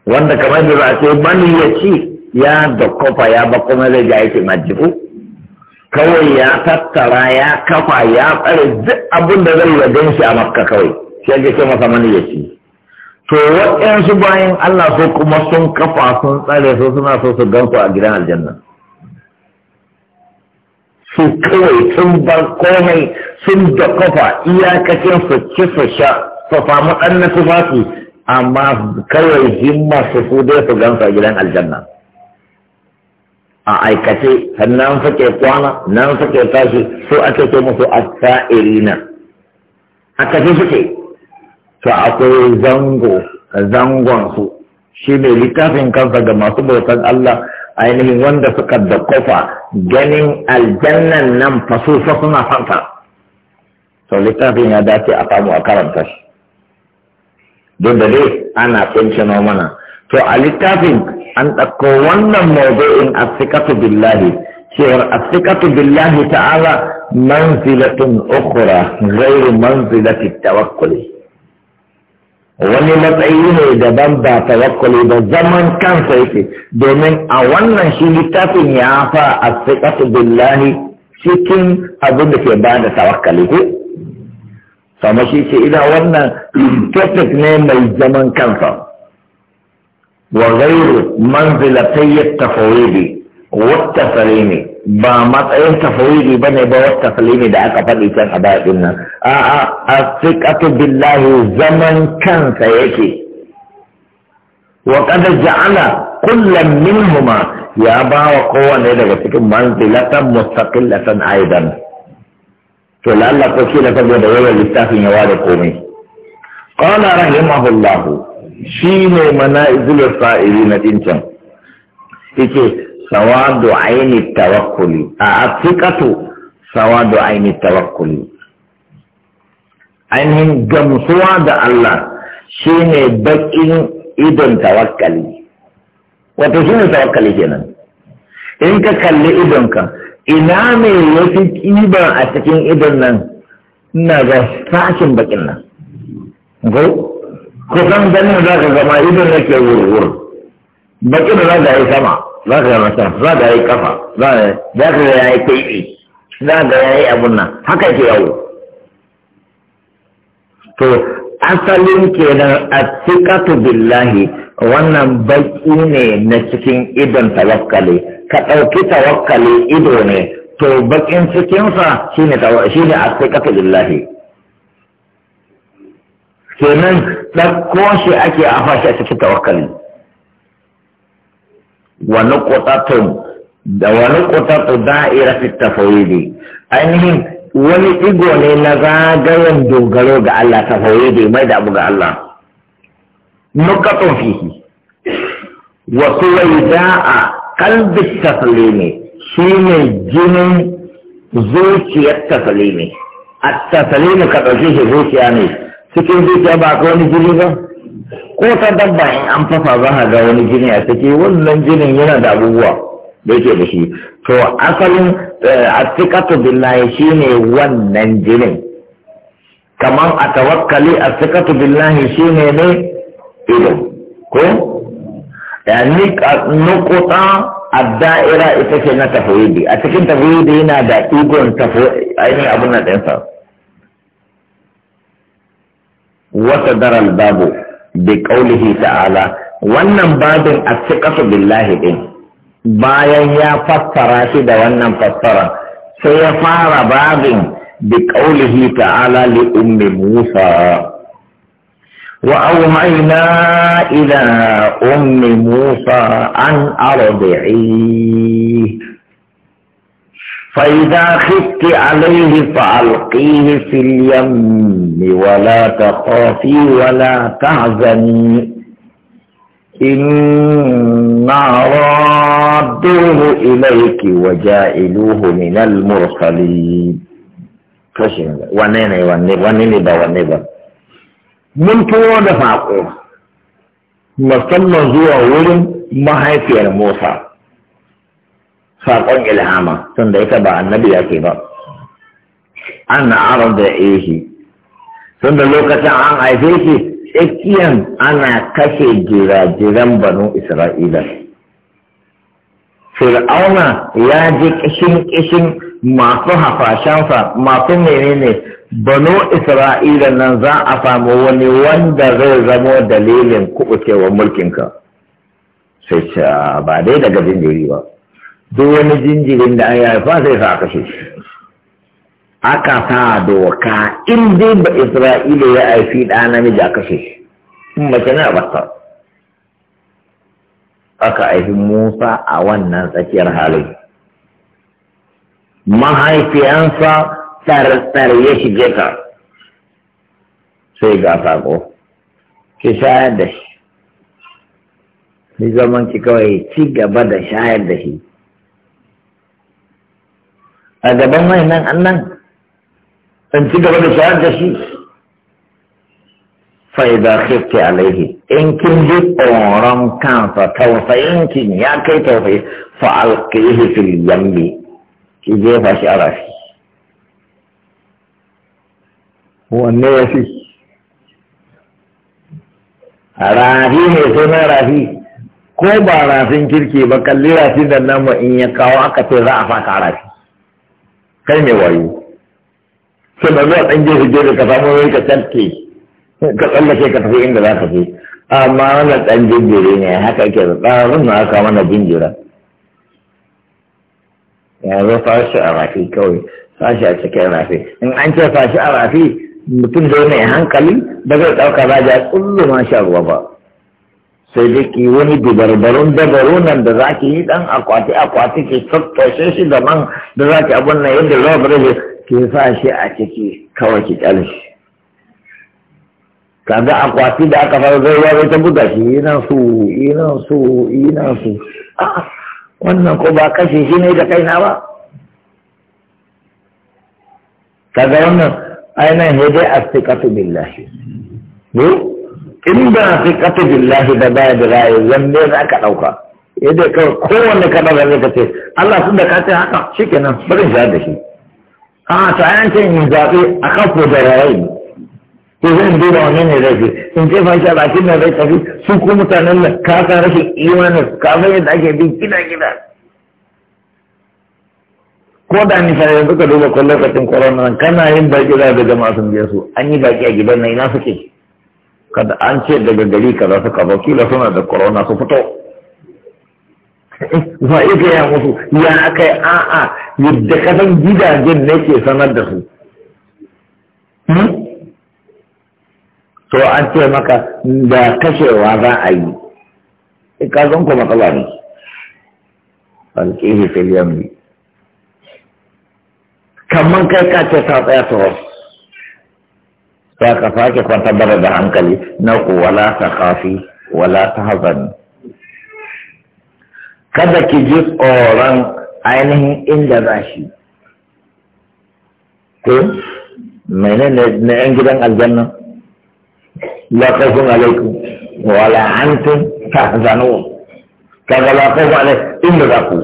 wanda kamar da za a ce maniyaci ya da ya ba kuma zai ja yake kawai ya tattara ya kafa ya tsare duk abin da zai wajen shi a makka kawai shi yake ce masa mani ya ci to waɗansu bayan Allah so kuma sun kafa sun tsare su suna so su gan a gidan aljanna su kawai sun bar komai sun da kofa iyakacin su ci su sha su famu ɗan na tufafi amma kawai himma su su dai su gan a gidan aljanna a aikace nan suke kwana nan suke tashi su ake ce musu asa'irina a tafi suke to akwai zango zangon su shi ne littafin kansa ga masu bautan Allah ainihin wanda suka da kofa ganin aljannan nan fasufa suna fanta to littafin ya dace a samu a karanta shi don da dai ana tsinci mana to a littafin an ɗauko wannan mawdu'in asikatu billahi cewar asikatu billahi ta'ala manzilatun ukhra ghairu manzilati tawakkuli wani matsayi ne daban ba tawakkuli ba zaman kansa yake domin a wannan shi littafin ya fa asikatu billahi cikin abin da ke ba da tawakkali ko sama shi ce ina wannan topic ne mai zaman kansa وغير منزلتي التفويض والتسليم با matsayin tafawidi bane ba wa taslimi da aka faɗi can a bayan nan a a asiqatu zaman kansa yake wa qad ja'ala kullam minhuma ya bawa wa kowanne daga cikin manzilatan mustaqillatan aidan to lalla ko shi da saboda yawan littafin ya ware komai qala rahimahullahu shi ne mana izular fa'ili na dincan yake sawadu aini tawakkuli a afikatu sawadu aini tawakkuli ainihin gamsuwa da Allah shi ne bakin idon tawakkali wato shi ne tawakkali kenan in ka kalli idonka ina ne ya fi ƙiba a cikin idon nan na ga sashen bakin nan kusan ganin za ka zama idan nake wurwur bakin za ka yi sama za ka yi sama za ka yi kafa za ka ya yi kaiɗi za ka ya yi abun nan haka ke yawo to asalin kenan a cikatu billahi wannan baki ne na cikin idon tawakkali ka ɗauki tawakkali ido ne to bakin cikinsa shine a cikatu billahi kenan ɗauko shi ake a fashi a cikin tawakkali wani ƙotatun da wani ƙotatun da'ira fi ne ainihin wani ɗigo ne na zagayen dogaro ga Allah ne mai da abu ga Allah nukatun fihi wasu wai da'a kalbi ne shi ne jinin zuciyar ne a ne ka ɗauki shi zuciya ne cikin zuciya ba ka wani jini ba ko ta dabba in an fafa ba a ga wani jini a ciki wannan jinin yana da abubuwa da yake da shi to asalin eh, a ta billahi shine wannan jinin kamar a tawakkali ta billahi shine ne ido ko yani nukuta da'ira ita ce na tafiye a cikin tafwidi yana da igon A ainihin abin na ɗansa وصدر الباب بقوله تعالى wannan babin a ciƙasu billahi ɗin bayan ya fassara shi da wannan fassara sai ya fara babin bi ƙaulihi ta'ala li ummi musa وأوحينا إلى أم موسى أن أرضعيه فإذا خفت عليه فألقيه في اليم ولا تخافي ولا تعزني إنا رادوه إليك وجائلوه من المرسلين فشن ونين ونين ونين ونين ونين ونين ونين ونين saƙon ilhama tun da ita ba annabi yake ba an na aron da ya shi tun da lokacin an haife shi tsakiyan ana kashe jirajiran banu isra'ila fir'auna ya ji kishin-kishin masu hafashensa masu menene banu isra'ila nan za a samu wani wanda zai zamo dalilin kuɓucewar mulkinka sai ba dai daga jinjiri ba duk wani jinjirin da an haifa sai sa kashe shi aka sa doka in dai ba isra'ila ya haifi ɗa namiji a shi in mace na bakkar aka haifi musa a wannan tsakiyar halin mahaifiyansa tsar-tsar ya shige ka sai ga sako ki shayar da shi ni zaman ki kawai ci gaba da shayar da shi a gaban nan annan in ci gaba da shahar da shi faida khifti alaihi in kin ji tsoron kansa tausayin kin ya kai tausayi fa alqihi fil yammi ki jefa shi a rafi wanne ya fi rafi ne sunan rafi ko ba rafin kirki ba kalli rafi da ba in ya kawo aka ce za a faka rafi kai mai wayo sai ba zuwa ɗan gefe gefe ka samu wani ka tafke ka tsallake ka tafi inda za ka je amma wannan ɗan jinjiri ne haka yake da tsarin na aka mana jinjira yanzu fashi a rafi kawai fashi a cikin rafi in an ce fashi a rafi mutum da mai hankali ba zai ɗauka ba ja tsullu ma sha ruwa ba sai dai ki wani dubarbarun dabaru nan da zaki yi dan akwati akwati ki tattoshe shi da man da zaki abun nan yadda za ba rage ki sa shi a ciki kawai ki kyale shi kaga akwati da aka fara zai ya ta buga shi yana su yana su yana su wannan ko ba kashe shi ne da kaina ba kaga wannan ainihin dai astiqatu billahi ne in ba fi kata billahi da baya da raye wanne za ka ɗauka yadda kawai kowanne ka ɗauka zai ka ce Allah sun da ka ce haka shi kenan bari shi da shi a ta an ce in zaɓe a kafo da raye to zan duba wani ne zai fi in ce fa shi bakin na zai tafi su ko mutanen nan ka san rashin imanin ka san yadda ake bin gida gida ko da sai yanzu ka duba ko lokacin corona kana yin baki za ka jama'a sun je su an yi baki a gidan nan ina suke kada an ce daga gari kaza suka zo kila suna da corona su fito ba eh, iya gaya musu ya aka a'a yadda kasan gidajen ne ke sanar da su hmm? to an ce maka da kashewa za a yi ikazon eh, kuma matsala ne alƙihi filiyan ne kamar kai ka ce ta tsaya ta wasu za ka sake kwantar da hankali na ku wala ta kafi wala ta hazani kada ki ji tsoron ainihin inda za shi ko menene na yan gidan aljanna la khawfun alaikum wala ta tahzanun kaga la alaiku inda za ku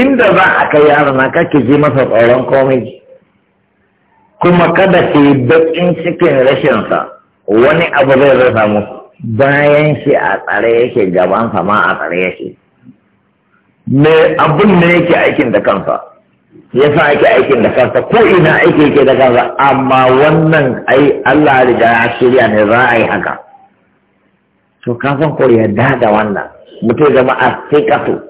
inda za a kai yaro na kake ji masa tsoron komai kuma kada ke baƙin cikin rashinsa wani abu zai zai samu bayan shi a tsare yake gaban sama a tsare yake me abin ne yake aikin da kansa ya sa ake aikin da kansa ko ina aiki yake da kansa amma wannan ai Allah riga ya shirya ne za a yi haka to ka san ko ya da wannan mutum zama a sai ka duba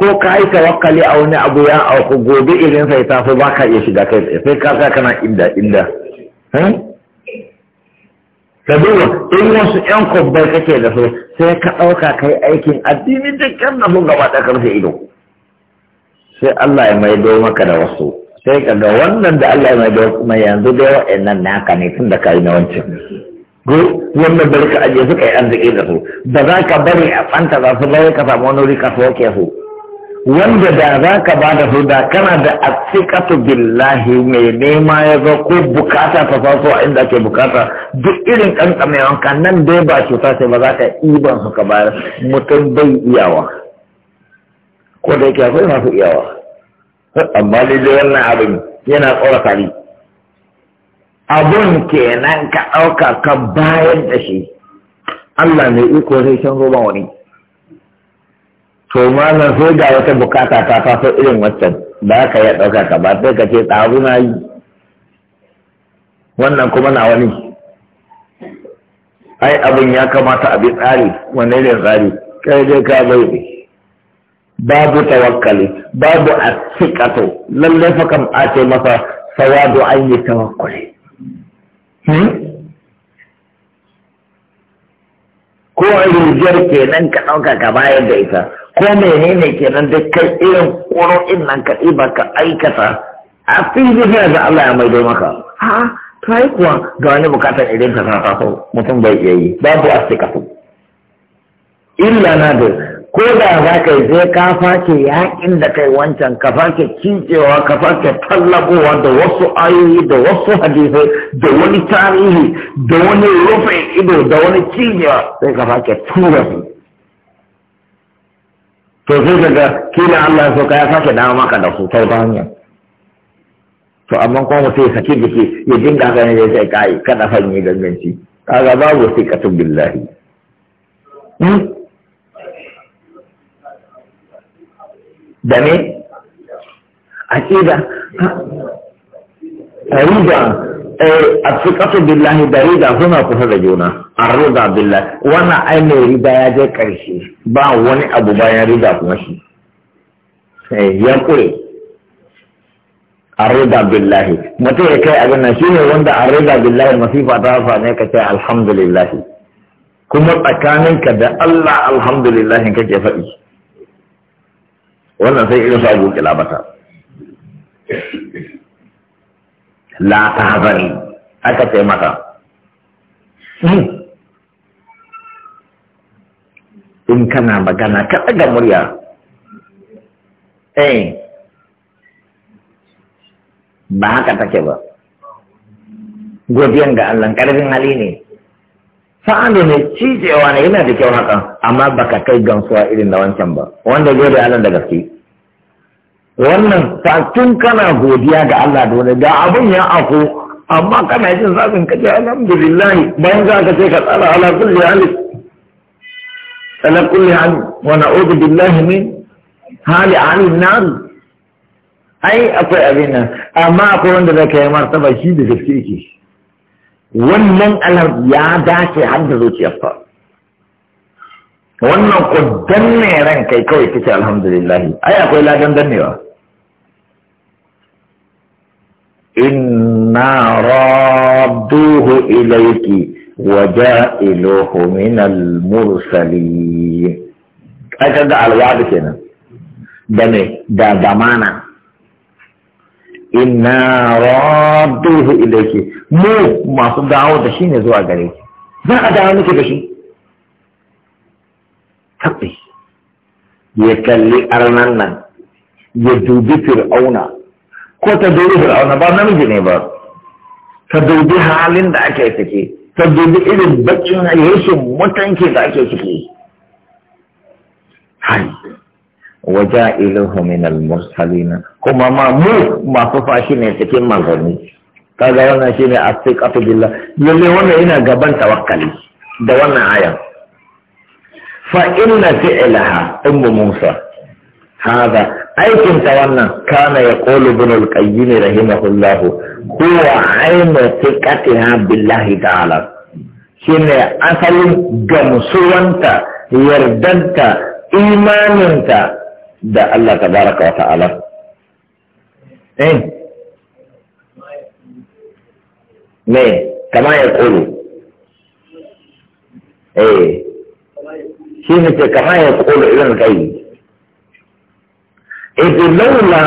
ko ka yi tawakkali a wani abu ya auku gobe irin sai ta fi ba ka iya shiga kai tsaye sai ka kana inda inda sabuwa hmm? in wasu yan kubbai kake da su sai ka ɗauka kai aikin addini da kan na sun gaba ɗaya sai ido sai Allah ya maido maka da wasu sai ka ga wannan da Allah ya maido kuma yanzu da wa'annan naka ne tun da ka yi na wancan wannan bari ka ajiye suka yi arziki da su da za ka bari a fanta za su bari ka samu wani wuri ka ke su wanda da za ka ba da huda kana da asikatu billahi mai nema ya zo ko bukata ta faso a inda ke bukata duk irin kankamewan ka nan dai ba cuta ce ba za ka iban su ka bayar mutum bai iyawa ko da yake akwai masu iyawa amma dai wannan abin yana tsorata ni abun kenan ka ɗauka ka bayar da shi Allah mai iko zai canzo ba wani to malam sai ga wata bukata ta faso irin wannan, da ka ya ɗauka ka ba sai ka ce ɗazu na yi wannan kuma na wani ai abin ya kamata a bi tsari wanne ne tsari kai dai ka bai babu tawakkali babu asikato lallai fa kam a ce masa sawadu an yi tawakkali hmm? ko rijiyar nan ka ɗauka ka bayar da ita ko menene kenan da kai irin ƙuro'in nan ka ɗiba ka aikata a fili sai da Allah ya maido maka ha to ai kuwa ga wani bukatar irin ta ta so mutum bai iya yi babu asikatu illa na da ko da za ka yi zai ka fake yaƙin da kai wancan ka fake cincewa ka fake tallabowa da wasu ayoyi da wasu hadisai da wani tarihi da wani rufe ido da wani cinyewa sai ka fake tura su to sai daga kila Allah ya soka ya sake dawo maka da su ta wata hanya to amma kuma mutum ya saki jiki ya dinga haka ne sai kai kada fanyi ganganci kaga babu sai katun billahi hmm? da ne yi riba الثقة بالله بريدة هنا كفرجونا الرضا بالله وانا اين رضا يا جي كرشي با واني ابو بايا رضا كمشي يقول الرضا بالله متى يكي اغنى شيني واندا الرضا بالله المصيفة تعرفها نيكا تي الحمد لله كما تكاننك دا الله الحمد لله انك فئي وانا سيئلو سأقول كلابتا la ta hazani aka ce maka hmm. in kana magana ka ɗaga murya eh ba haka take ba godiyan ga Allah ƙarfin hali ne fa'ando ne cijewa ne yana da kyau haka amma baka kai gamsuwa irin da wancan ba wanda godiya Allah da gaske wannan tun kana godiya ga Allah da wani da abin ya ako amma kana jin zafin kaje alhamdulillah bayan za ka ce ka tsara ala kulli hali ala kulli hali wa na'udhu billahi min hali ali nar ai akwai abin nan amma akwai wanda zaka yi martaba shi da gaske yake wannan alar ya dace har da fa wannan ku danne ran kai kawai kace alhamdulillah ai akwai ladan dannewa إنا رادوه إليك وجائلوه من المرسلين أجل ده على وعد كده ده مي ده ضمانة إنا رادوه إليك مو ما صدعوا ده شيء نزوع عليك ما أدعوا لك بشيء تقي يكلي أرنانا يدوب فرعون ko ta dubi fir'auna ba namiji ne ba ta dubi halin da ake ciki ta dubi irin bakin rashin mutanci da ake ciki hai waja ilahu min al-mursalina kuma ma mu masu fashi ne cikin manzanni kaga wannan shine astiqatu billah lalle wannan ina gaban tawakkali da wannan aya. fa inna fi'laha ummu musa هذا أيكم تولنا كان يقول ابن القيم رحمه الله هو عين ثقتها بالله تعالى شنو أصل جمسوانتا يردنتا إيمانتا ده الله تبارك وتعالى إيه ليه كما يقول إيه شنو كما يقول ابن القيم إذ لولا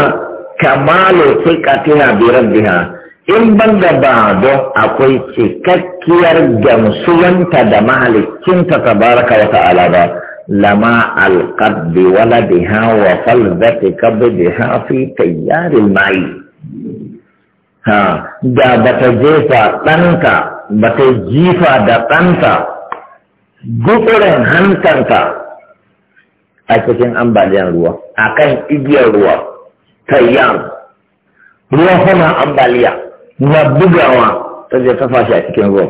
كمال ثقتها بربها in ban da ba don akwai cikakkiyar gamsuwanta da mahalicinta ta baraka wa ta'ala ba lama alqad bi waladiha wa falzati kabdiha fi tayyaril ma'i ha da bata jefa ɗanta bata jifa da ɗanta gutsurin hantanta a cikin ambaliyar ruwa a kan igiyar ruwa ta yan ruwa hana ambaliya na bugawa ta je ta fashi a cikin ruwan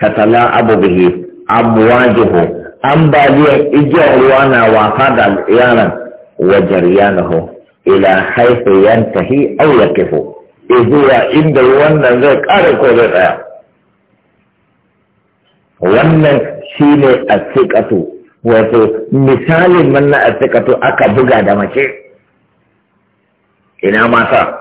katala abu abuwa abuwajihu ambaliyar igiyar ruwa na wasa ga yaran wajen yanahu ila haifu yantahi au yakifu zuwa inda nan zai kare ko zai tsaya wannan shine a wato misalin manna a to aka buga da mace ina mata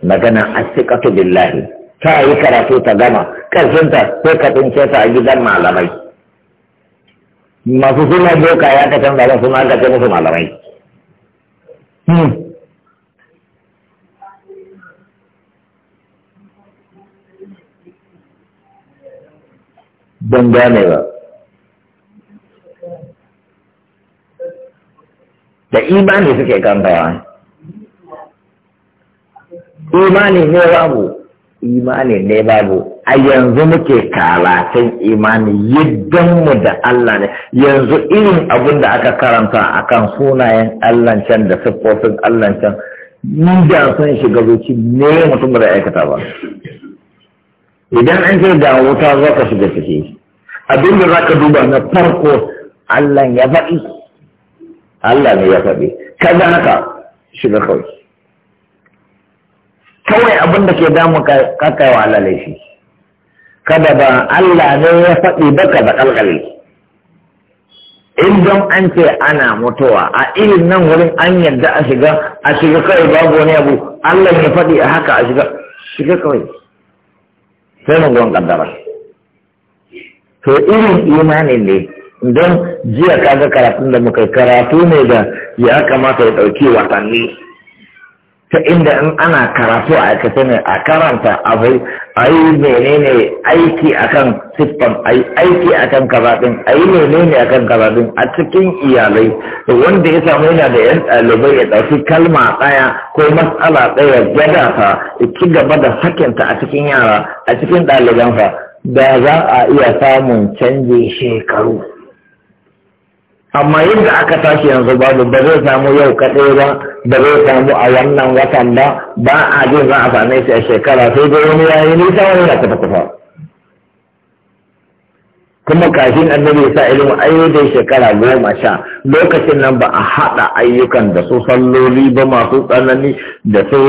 magana a to billahi ta yi karatu ta gama karfinta ko ka tsince ta a gidan malamai masu suna doka ya ka canza ba suna ga ce musu malamai hmm. ban gane ba da imani suke kankawa imani ne babu imani ne babu a yanzu muke karatun imani mu da Allah ne yanzu irin abin da aka karanta akan sunayen Allah can da siffofin Allah can ni da sun shiga zuci ne mutum da aikata ba idan an ce ga wuta za ka shiga ciki abin da za ka duba na farko Allah ya faɗi Allah ne ya faɗi ka ga haka shiga kawai kawai abin da ke damu ka kai wa Allah laifi kada ba Allah ne ya faɗi ba ka da kalkale in don an ce ana mutuwa a irin nan wurin an yadda a shiga a shiga kawai babu wani abu Allah ya faɗi a haka a shiga shiga kawai sai mu gwan kaddara to irin imanin ne don jiya ka ga karatun da muka karatu ne da ya kamata ya ɗauki watanni ta inda in ana karatu a aikace ne a karanta abai, a yi menene aiki akan siffan a kan aiki akan kazaɗin a yi menene akan karatun?" a cikin iyalai wanda ya samu yana da yan ɗalibai ya ɗauki kalma ɗaya ko matsala ɗaya gada ta ci gaba da hakinta a cikin yara a cikin ɗalibansa da za a iya samun canji shekaru amma yadda aka tashi yanzu babu ba zai samu yau kaɗai ba da zai samu a wannan watan ba ba a jin za a same shi a shekara sai dai wani yayi nisa wani na kafa kufa kuma kashin annabi sa ilimin da shekara goma sha lokacin nan ba a haɗa ayyukan da su salloli ba masu tsanani da su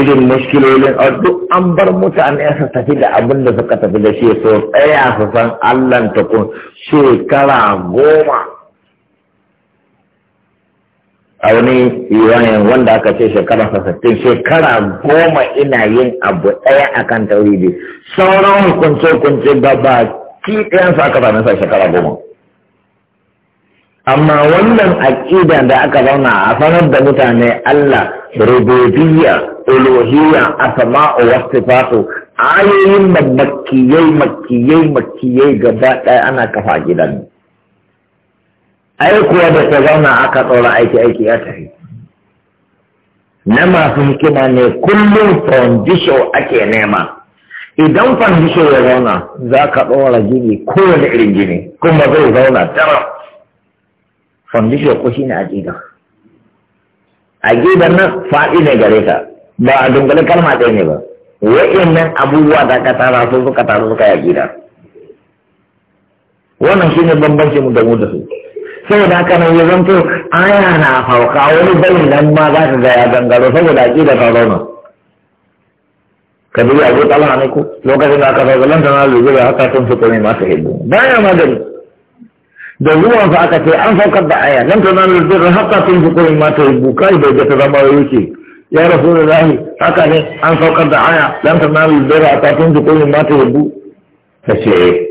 irin mushkilolin a duk an bar mutane su tafi da abin da suka tafi da shi so tsaya su san allan tukun shekara goma a wani riwayan wanda aka ce shekara sassatin shekara goma ina yin abu ɗaya a kan tauridi sauran hukunce-hukunce ba ba ki ɗayansa aka sami sa shekara goma amma wannan aƙida da aka zauna a sanar da mutane Allah rububiyya uluhiyya asma'u wasifatu ayoyin da makiyai makiyai gaba ɗaya ana kafa gidan ai kuwa da ta zauna aka tsora aiki aiki ya tafi na masu hikima ne kullum fondisho ake nema idan fondisho ya zauna za ka ɗora gini kowane irin gini kuma zai zauna tara fondisho ko shi ne A gidan nan faɗi ne gare ta ba a dungale kalma ɗaya ne ba wainnan abubuwa da ka tara su suka taru suka yi a gida. wannan shi ne bambancin mu da mu da su saboda haka nan ya zanto aya na hauka wani bayin nan ma za su zaya ya gangaro saboda aƙida ta zauna ka dubi abu tsala ne ko lokacin da aka zaugalan ta na lura da haka sun fito ne masu hibbu baya magani da ruwan fa aka ce an saukar da aya nan ta na lura da haka sun fito ne masu hibbu kai da ga ta zama yake ya rasu da zahi haka ne an saukar da aya lan ta na lura da haka sun fito ne masu hibbu ta ce eh.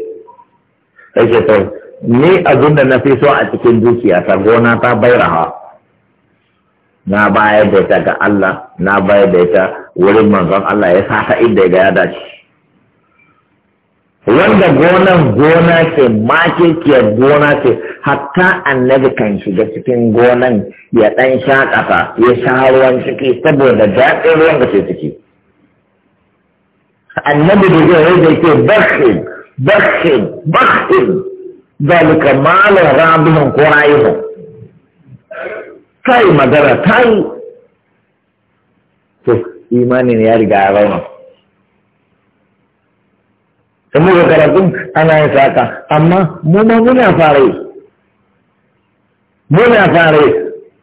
ta ce ni abin da na fi so a cikin dukiya ta gona ta bairaha na bayar da ita ga Allah na bayar da ita wurin manzon Allah ya sata inda ya dace wanda gonan gona ce ke gona ce hatta annabi kan shiga cikin gonan ya ɗan shakata ya sha ruwan ciki saboda daɗin ruwan da ke ciki annabi da zai rage ke bakhin bakhin bakhin zalika malin rabihun ko rayihun kai magana ta yi to imanin ya riga ya rauna da muka karatun ana yin saka amma mu ma muna yi. muna fara yi.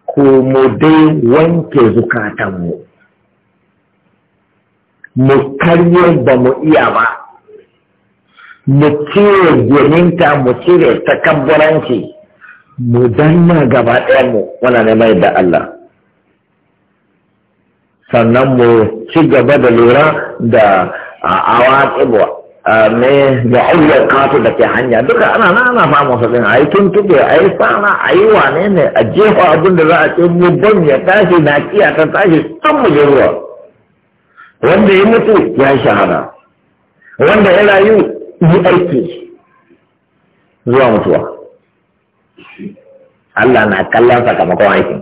ko mu dai wanke zukatanmu mu karyar ba mu iya ba mu cire gwaninta mu cire takabbaranci mu danna gaba ɗaya mu wana ne mai da Allah sannan mu ci gaba da lura da awa tsibo ne da ayyar kato da ke hanya duka ana na ana fama su din a yi tuntube a yi ayi a yi wane ne a jefa abin da za a ce mu ban ya tashi na kiya ta tashi tun mu ruwa wanda ya mutu ya shahara wanda ya rayu yi aiki zuwa mutuwa Allah na kallon sakamakon aiki.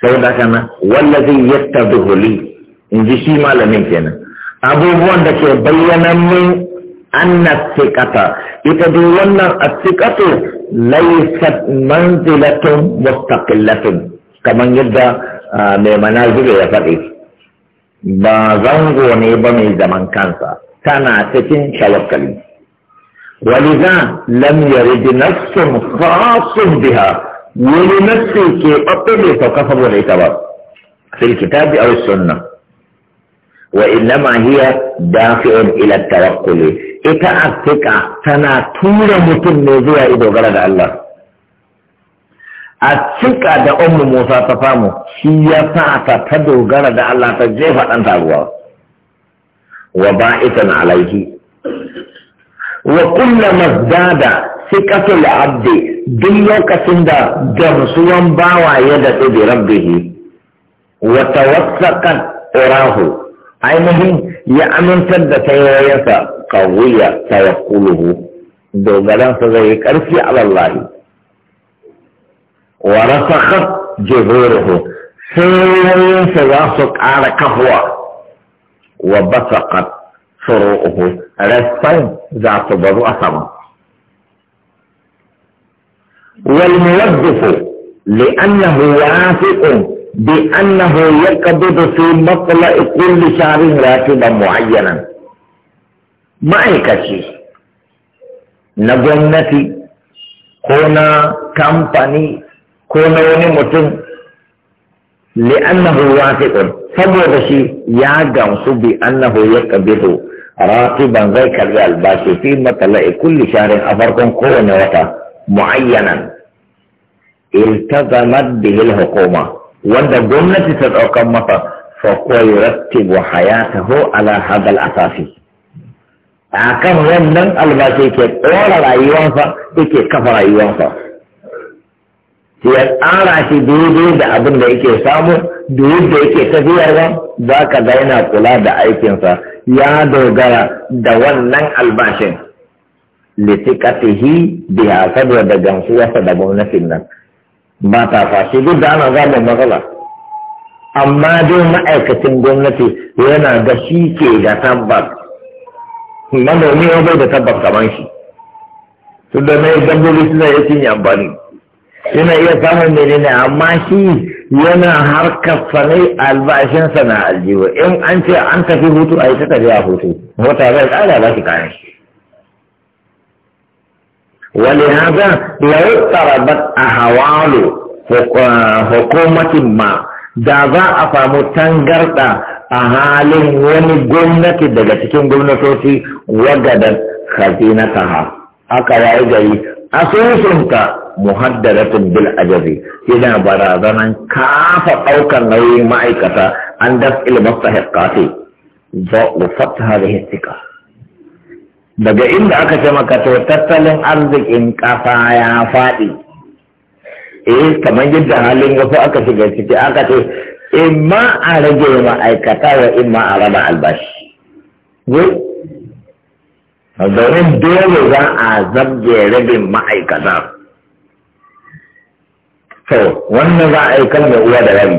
sau da kana wallazi yatta duhuli in ji shi malamin kenan abubuwan da ke bayyana min anna tsikata, ita dai wannan a asikatu laifat manzilatun mustaqillatun kamar yadda ah, mai zube ya faɗi ba zango ne ba mai zaman kansa tana cikin tawakkali waliza lam yarid nafsun khasun biha wani nafsi ke babbe ne sauka saboda ita ba fil kitabi aw sunnah wa innama hiya dafi'un ila tawakkuli ita afika tana tura mutum ne zuwa idogara da Allah a cika da umu Musa ta samu shi ya sa ta ta dogara da Allah ta jefa ɗan taruwa wa ba'itan alaihi wa kulla mazdada sikatul abdi duk lokacin da gamsuwan bawa ya daɗe bi rabbihi wa tawassaqat urahu ainihin ya amintar da tayoyinsa kawiya tawakkuluhu dogaransa zai yi ƙarfi alallahi ورسخت جذوره سيرين سياسك على كهوة وبسقت فروعه رسين ذات برو أسما والموظف لأنه واثق بأنه يقبض في مطلع كل شهر راتبا معينا ما na gwamnati هنا na ko na wani mutum li'annahu wasiqun saboda shi ya gamsu bi annahu yaqbidu ratiban zai karbi albashi fi matala'i kulli shahrin a farkon kowane wata mu'ayyanan iltazamat bihi al-hukuma wanda gwamnati ta ɗaukan masa fa kuwa yurattibu hayatahu ala hadha al-asasi akan wannan albashi ke ɗora rayuwarsa yake kafa rayuwarsa ya tsara shi daidai da abin da yake samu da yadda yake tafiyarwa za ka ga yana kula da aikinsa ya dogara da wannan albashin litikatihi biya da gamsuwarsa da gwamnatin nan ba ta fashi duk da ana zaɓin matsala amma dai ma'aikacin gwamnati yana da shi ke da tabbas manomi ya bai da tabbas kamar shi tun da na yi dabbobi suna yakin amfani yana iya samun menene amma shi yana harkar ne albashin na aljiwa in an ce an tafi hutu a yi ta tafiya hutu wata zai tsada ba shi kayan shi wani ya tsara لو a أحوال hukumatin ma da za a samu tangarɗa a halin wani gwamnati daga cikin gwamnatoci wagadan hazinataha aka yayi gari asusunta muhaddaratun bil ajabi yana barazanan kafa ɗaukar nauyin ma'aikata an daf ilmasta hikati za'ufat hadhihi tika daga inda aka ce maka to tattalin arzikin ƙasa ya faɗi eh kamar yadda halin wasu aka shiga ciki aka ce imma a rage ma'aikata wa imma a raba albashi domin dole za a zabge rabin ma'aikata to wannan za a yi kalmar uwa da rabi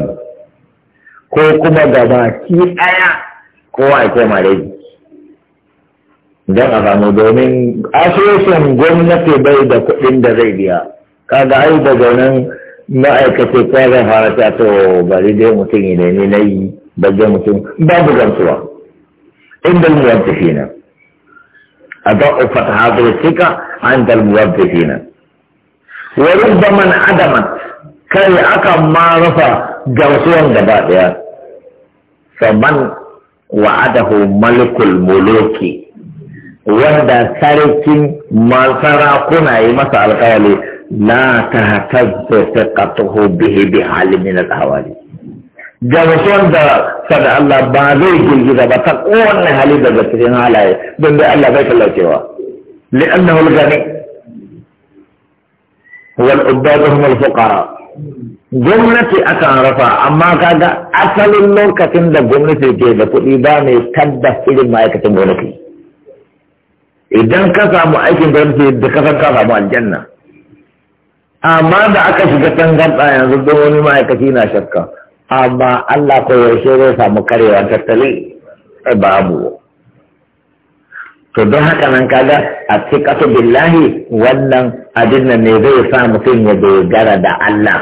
ko kuma ga baki ɗaya ko ya ke rabi don a samu domin asusun gwamnati bai da kuɗin da zai biya kaga ai da gwanin ma'aikaci ko zai fara ta to bari dai mutum ne ne na yi bagen mutum babu gamsuwa inda muwar nan, a ga ufata hazar sika an dalmuwar tafina wa Wani zaman adamat kai aka ma rasa gamsuwan gaba daya faman wa'adahu malikul muluki wanda sarkin kuna yi masa alkawali la ta hatazzo ta katuhu bihi bi halimi na tsawali gamsuwan da sada Allah ba zai girgiza ba ta kowanne hali daga cikin halaye don da Allah bai tallacewa لأنه الغني ghani wal ubadu hum gwamnati akan rafa amma kaga asalin lokacin da gwamnati ke da kuɗi ba mai tabbas irin ma'aikatan gwamnati idan ka samu aikin gwamnati da ka san ka samu aljanna amma da aka shiga tangarɗa yanzu don wani ma'aikaci na shakka amma Allah ko yaushe zai samu karewa tattali babu to don haka nan kaga a cikin billahi wannan abin nan ne zai sa mutum ya dogara da Allah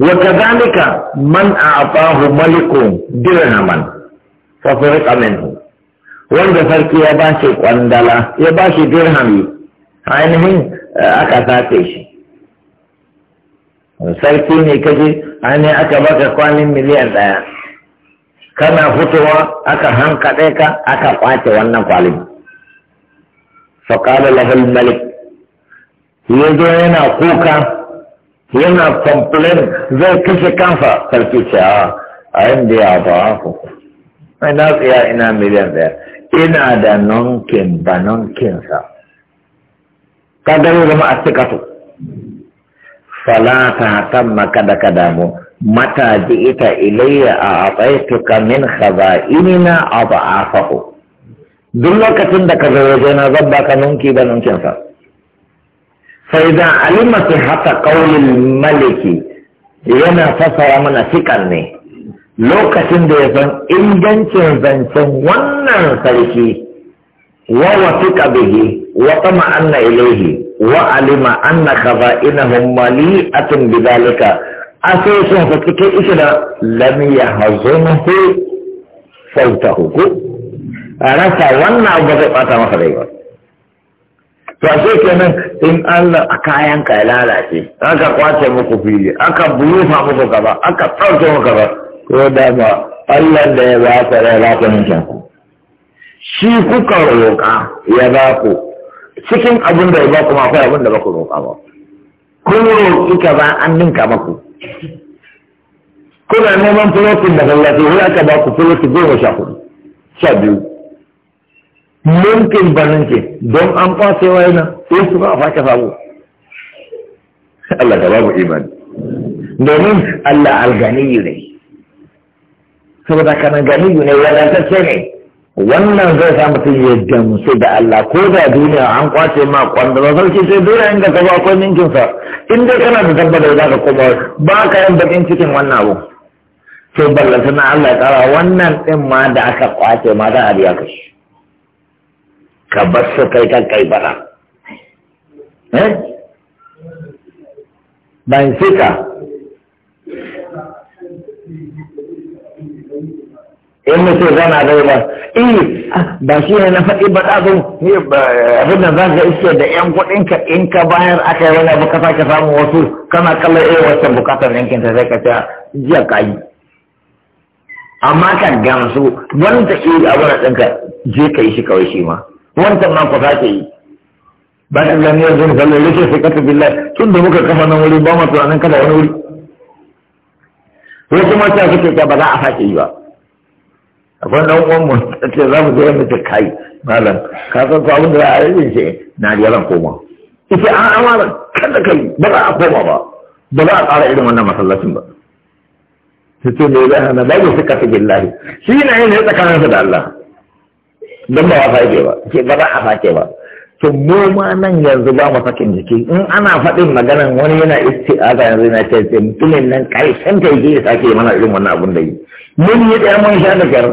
Wata zalika man afahu malikun dirhaman fa farqa wanda sarki ya ba shi kwandala ya ba shi dirhami ainihin eh, aka sace shi sarki ne kaje ainihin aka baka kwanin miliyan ɗaya kana fitowa aka hankaɗe ka aka kwace wannan kwalin faƙalar lahul malik ya zo yana kuka yana complain zai kashe kansa sarki ce a ah, a inda ya ba haku mai na tsaya ina miliyan daya ina da nonkin ba nonkinsa ka gare zama a cikatu falata tamma kada ka damu mata ji ita ilayya a tuka min inina a fahu. duk lokacin da ka zo wajena zan baka nonki ba sa فإذا علم صحة maliki الملك yana fassara mana fikar ne lokacin da ya san ingancin zancen wannan sarki wa wasiqa bihi wa tama anna ilaihi wa alima anna khaza'inahum mali'atun da asosun fa cikin ishida lam yahzunhu sautahu a rasa wannan abu zai bata masa rai to a kenan in Allah a kayan ka ya lalace aka kwace muku fili aka bulufa muku gaba aka tsarce muku gaba ko da ba Allah da ya ba ka ya ba ku ku shi kuka roƙa ya ba ku cikin abin da ya ba ku mafi abin da ba ku roƙa ba kun roƙi ka ba an ninka maku kuna neman fulotin da lallafi wani aka ba ku fuloti goma sha hudu sha biyu mulkin ba ke don an fasewa yana sai su ba a sake samu Allah ga babu imani domin Allah alganiyu ne saboda kana ganiyu ne wadatacce ne wannan zai sa mutum ya gamsu da Allah ko da duniya an kwace ma kwanda ba sarki sai dole in ka ba akwai ninkin sa in dai kana da tabbata za ka koma ba ka yin bakin cikin wannan abu sai ballanta na Allah ya tsara wannan din ma da aka kwace ma za a biya ka shi ka bar su kai kan kai bara, eh ban sika in mutum zana rai ba eh ah, ba shi ne na faɗi ba ɗazin abin abinda za ka iske da yan kuɗin ka in ka bayar aka yi wani abu ka sake samun wasu kana kallon iya wasu bukatar yankin ta sai ka ta jiya ka yi amma ka gamsu wanda ke abin ɗinka je ka yi shi kawai shi ma wancan nan ku sake yi bayan zan yanzu ne sallar yake sai kasa billahi tun da muka kafa nan wuri ba mu tunanin kada wani wuri wasu mata suke ta ba za a sake yi ba akwai dan uwan mu ce za mu je mu ta kai malam ka san ko abin da za a yi ce na ji ran koma ita an amara kada kai ba za a koma ba ba za a tsara irin wannan masallacin ba su ce mai zai hana bai suka fi billahi shi na yin ne tsakaninsa da Allah don ba a fake ba ce ba za a fake ba to mu ma nan yanzu ba mu fakin jiki in ana faɗin maganan wani yana isti'aza yanzu yana ce mutumin nan karshen ta yake ya sake mana irin wannan abun da yi mun yi ɗaya mun sha da kyar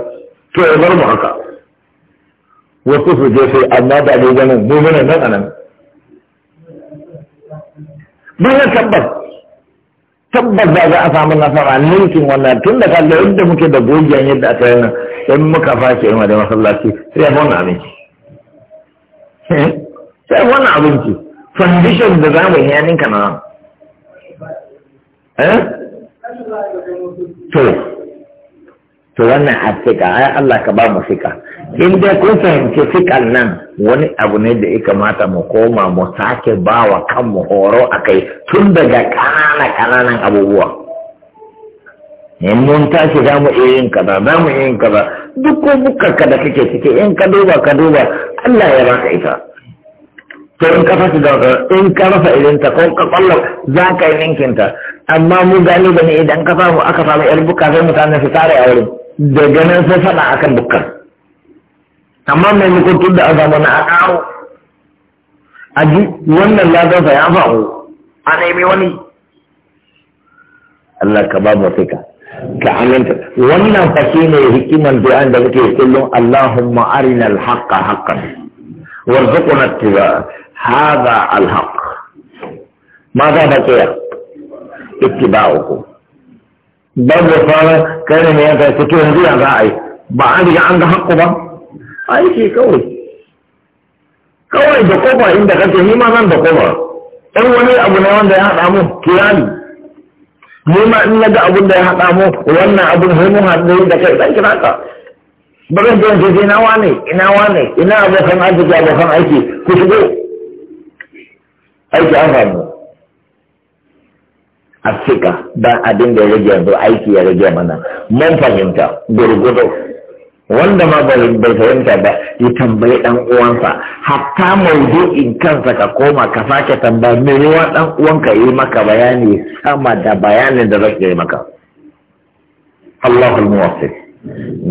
to ya bar mu haka wasu su je sai amma da ne ganin mu nan anan ba na tabbas tabbas da za a samu nasara ninkin wannan tun da kalli yadda muke da gogiyan yadda aka yi nan in muka fashe yin da masallaci sai ya fauna abinci eh? sai wannan abinci foundation da za mu yi ninka na eh? to to wannan a fika ai Allah ka ba mu fika in dai kun fahimci fikan nan wani abu ne da ya kamata mu koma mu sake ba wa kanmu horo a kai tun daga ƙanana ƙananan abubuwa in mun tashi za mu iya yin kaza za mu iya yin kaza duk ko ka da kake ciki in ka duba ka duba Allah ya baka ita to in ka fasa da in ka rasa irinta ko ka kwallo za ka yi ninkinta amma mu gani ba ne idan ka samu aka samu yar buka sai mutane su tare a wurin daga nan sai faɗa akan bukkar amma maimakon tun da a zamana a ƙaro a ji wannan ladarsa ya faru a nemi wani Allah ka ba mu fika ka aminta wannan fa ne hikiman du'an da muke kullum Allahumma arinal haqqa haqqan warzuqna ittiba hadha al haqq ma za da kiya ittiba'uhu babu fara kana ne ya ta fito yanzu ya za a yi ba an riga an ga haqqu ba aiki kawai kawai da kofa inda kake nima ma zan da kofa ɗan wani abu na wanda ya haɗa mu kirani nima ma in na ga abun da ya haɗa mu wannan abun sai mu haɗu da kai ɗan kira ka bakan jan ce ina wane ina wane ina abokan arziki abokan aiki ku shigo aiki an samu a cika ba abin da ya rage yanzu aiki ya rage mana mun fahimta gurgudu wanda ma bai fahimta ba ya tambayi dan uwansa hatta maudu'in kansa ka koma ka sake tambaya me yawa dan uwanka yi maka bayani sama da bayanin da zai yi maka Allahul muwaffiq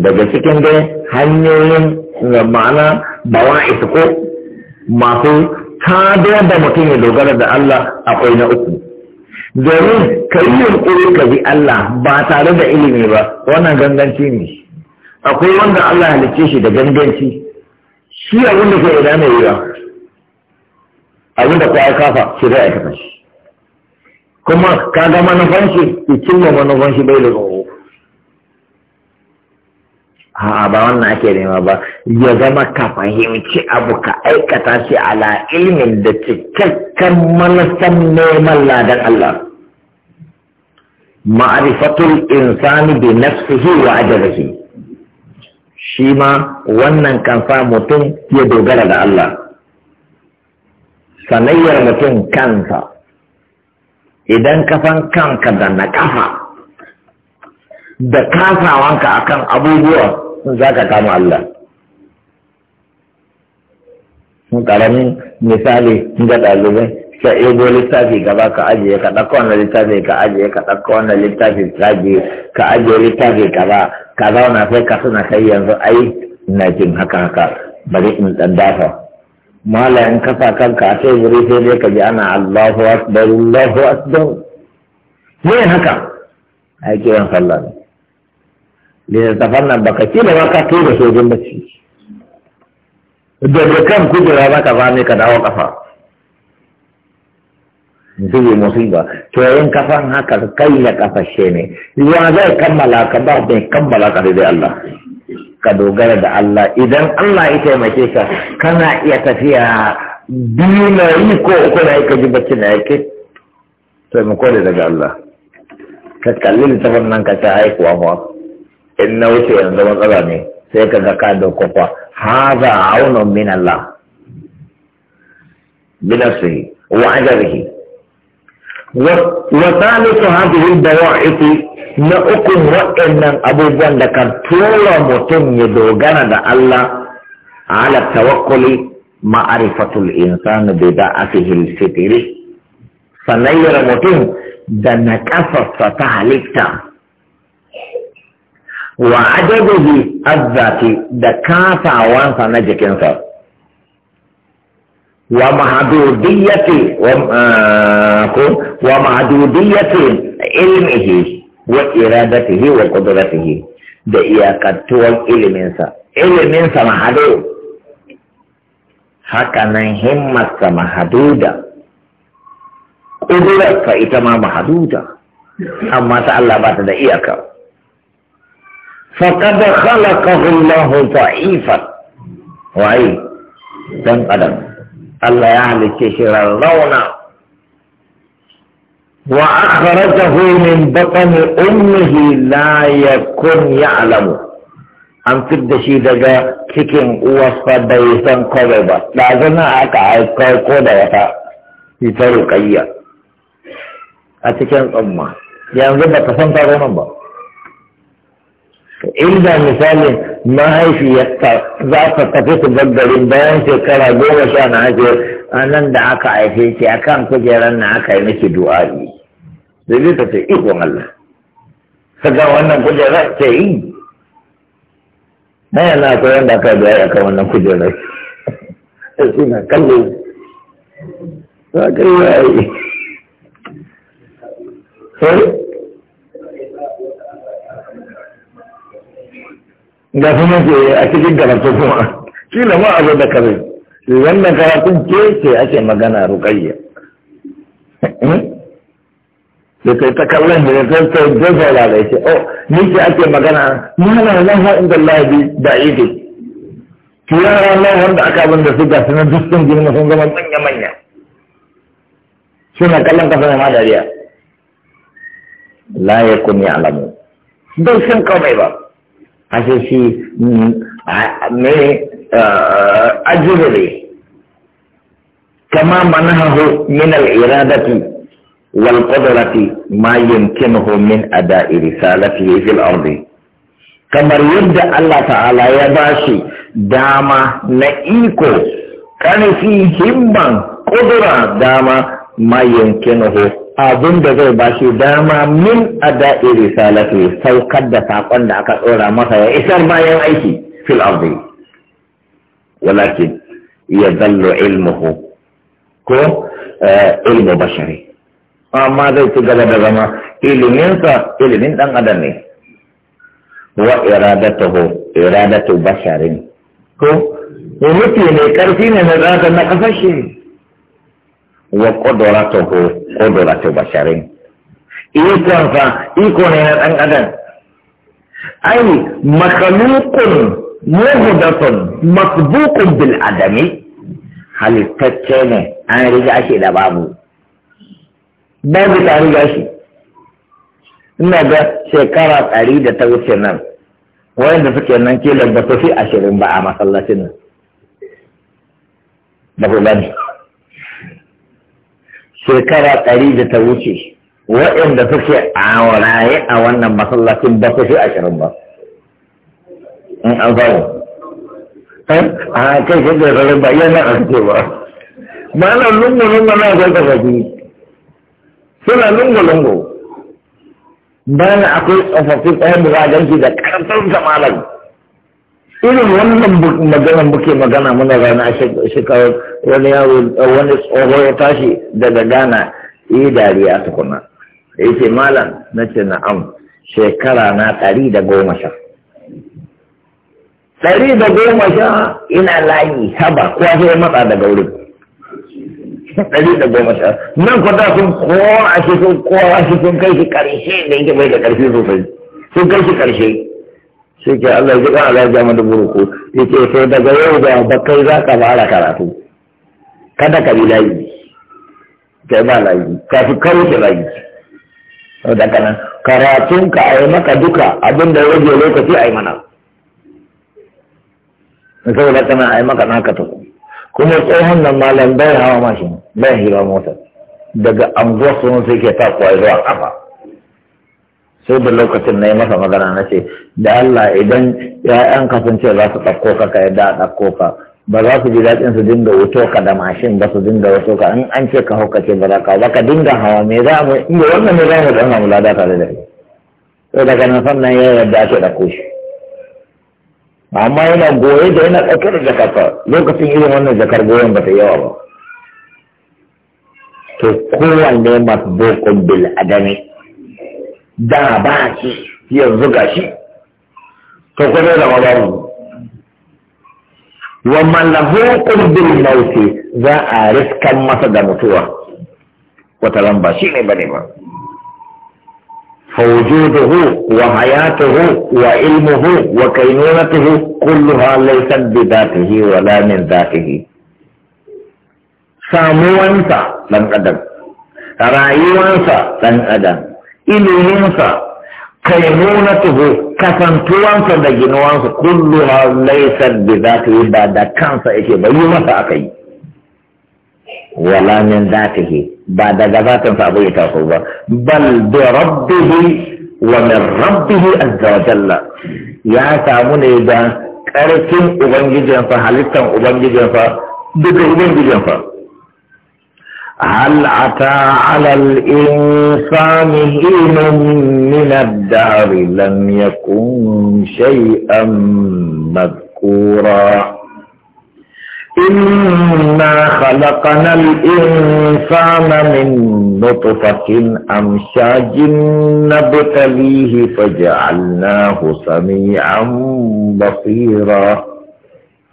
daga cikin dai hanyoyin ma'ana bawa ko masu ta da mutum ya dogara da Allah akwai na uku domin ka yi yunƙuri ka bi Allah ba tare da ilimi ba wannan ganganci ne akwai wanda Allah halicce shi da ganganci shi abin da ke ina mai yiwa abin da kwaya kafa shi zai aikata shi kuma ka ga manufan shi ikinwa manufan shi bai da tsoro a'a ba wannan ake nema ba ya zama ka fahimci abu ka aikata shi ala ilmin da cikakken manufan neman ladan Allah ma'arifatul insani bi nafsihi wa ajalihi shi ma wannan kan mutum ya dogara da Allah sanayyar mutum kansa idan ka san kanka da na kafa da kasawanka kan abubuwa za ka kama Allah. Karamin misali ga ɗalibai, ka ego littafi gaba ka ajiye, ka ɗauko wannan littafi ka ajiye, ka ɗauka wannan littafi ka ajiye, ka ajiye littafi gaba, ka zauna sai ka suna kai yanzu ai ina jin haka haka bari in dan dafa mala in kafa kanka a wuri sai dai ka ji ana Allahu akbar Allahu akbar me haka ai kiran sallah ne littattafan nan baka da ba ka tura sojin bacci da kan kujera ba ka zame ka dawo kafa zai musiba to yayin kafan haka kai ya kafashe ne ruwa zai kammala ka ba bai kammala ka dai Allah ka dogara da Allah idan Allah ya taimake ka kana iya tafiya biyu na yi ko uku na ka ji bacci na yake taimako da daga Allah ka kalli littafin nan ka ta haihuwa ma in na wuce yanzu matsala ne sai ka ga ka da kofa haza aunan min Allah binafsihi wa ajrihi وثالث هذه البواعث na ukun waɗannan abubuwan da kan tura mutum ya dogara da Allah ala tawakkuli ma'arifatul insani bi da'afihil fitri sanayyar mutum da naƙasarsa ta halitta wa ajabihi azzati da kasawansa na jikinsa ومعدودية ومعدودية علمه وإرادته وقدرته da iyakattuwar iliminsa iliminsa mahado hakanan himmarsa mahaduda ƙudurarsa ita ma mahaduda amma ta Allah ba ta da iyaka faƙad khalaqahu Allah da'ifan waye dan adam Allah ya halicce shi rarrauna wa akhrajahu min batni ummihi la yakun ya'lamu an fidda shi daga cikin uwarsa bai san kawai ba da zana aka haifar ko da wata ita ruqayya a cikin tsamma. yanzu ba ta san ta ba inda misalin mahaifiyarta za ta tafi su gaggarin bayan shekara goma sha na haife a nan da aka haife ki a kan kujerar na aka yi miki du'a'i da zai ta ce ikon Allah saka wannan kujerar ce yi na yana ko yadda aka biya ya kan wannan kujerar suna kallo za ka yi ga kuma ke a cikin karatu kuma kila ma abu da kare wannan karatun ke ce ake magana rukayya hmm? da kai ta kallon da ta ta zazzara da ce oh ni ce ake magana mana nan ha inda lahi da ide ki yara nan wanda aka abin da su ga su nan dukkan sun girma sun zama manya manya suna kallon kasa ma dariya la yakun ya'lamu bai san kawai ba ashe shi mai mm, eh, ajiyar kama manahu min al-iradati wal qudrati ma yumkinuhu min ada'i risalati fil ardi kamar yadda Allah ta'ala ya bashi dama na iko karfi himman kudura dama ma yumkinuhu abin da zai bashi dama min a ada'i risalatu saukar da sakon da aka tsora masa ya isar bayan aiki fil ardi walakin ya zallo ilmuhu ko eh, ilmu bashari amma zai ci gaba da zama iliminsa ilimin dan adam ne wa iradatuhu iradatu basharin ko mutu ne karfi ne na zaka na kasashe wa qudratuhu qudratu basharin ikon fa iko ne na dan adam ai makhluqun muhdathun masbuqun bil adami halittacce ne an riga shi da babu babu ta riga shi ina ga shekara ɗari da ta wuce nan wayanda suke nan kila ba su fi ashirin ba a ah, masallacin nan da ku gani shekara ɗari da ta wuce waɗanda suke a a wannan masallacin ba su fi ashirin ba in an samu eh, a kai shi da zarar ba yana a suke ba malam lungu-lungu na zai ta fafi suna lungu-lungu bayan akwai tsofaffin tsayin da zaganci da ƙarfin samalan irin wannan maganan muke magana muna rana a shekarar wani yaro wani tsoro ya tashi daga Ghana yi dariya tukuna ya ce malam na ce na'am shekara na ɗari da goma sha ɗari da goma sha ina layi haba ko sai matsa daga wurin ɗari da goma sha nan kwata sun kowa a sun kowa shi sun kai shi ƙarshe da yake bai da ƙarfi sosai sun kai shi ƙarshe sai ke Allah ya ji kan Allah ya jama da buruku ce sai daga yau da bakai za ka fara karatu kada ka bi layi kai ba layi ka fi kauce layi da karatun ka a yi maka duka abin da rage lokaci a yi mana saboda kana a yi maka naka ta kuma tsohon nan malam bai hawa mashin bai hira mota daga anguwa sun sai ke takuwa zuwa kafa sai da lokacin na yi masa magana na ce da Allah idan ya'yan kasance za su ɗauko ka ka yadda a ɗauko ka ba za su ji daɗin su dinga wuto ka da mashin ba su dinga wuto ka in an ce ka hau ka ce ba za ka ba ka dinga hawa me za mu inda wannan ne za mu da wannan lada tare da shi sai daga nan sannan ya yarda ake da shi. amma yana goye da yana ɗauke da jakarta lokacin irin wannan jakar goyon ba ta yawa ba to kowanne masu bokon bil adami da ba shi yanzu ga shi to kuma da mu. wa mallahu qurbil maut za a riskan masa da mutuwa wata lamba shi ne bane ba fawjuduhu wa hayatuhu wa ilmuhu wa kaynunatuhu kulluha laysa bi dhatihi wa la min dhatihi samuwansa dan adam rayuwansa dan adam iluminsa kaimunatuhu kasantuwansa da ginuwansa kulluha laysa bi zatihi ba da kansa yake ba yi masa akai wala min zatihi ba daga zatin sa abu ya taso ba bal bi rabbihi wa min rabbihi azza wa jalla ya samu ne da karfin ubangijinsa halittan ubangijinsa duka ubangijinsa هل أتى على الإنسان حين من الدهر لم يكن شيئا مذكورا إنا خلقنا الإنسان من نطفة أمشاج نبتليه فجعلناه سميعا بصيرا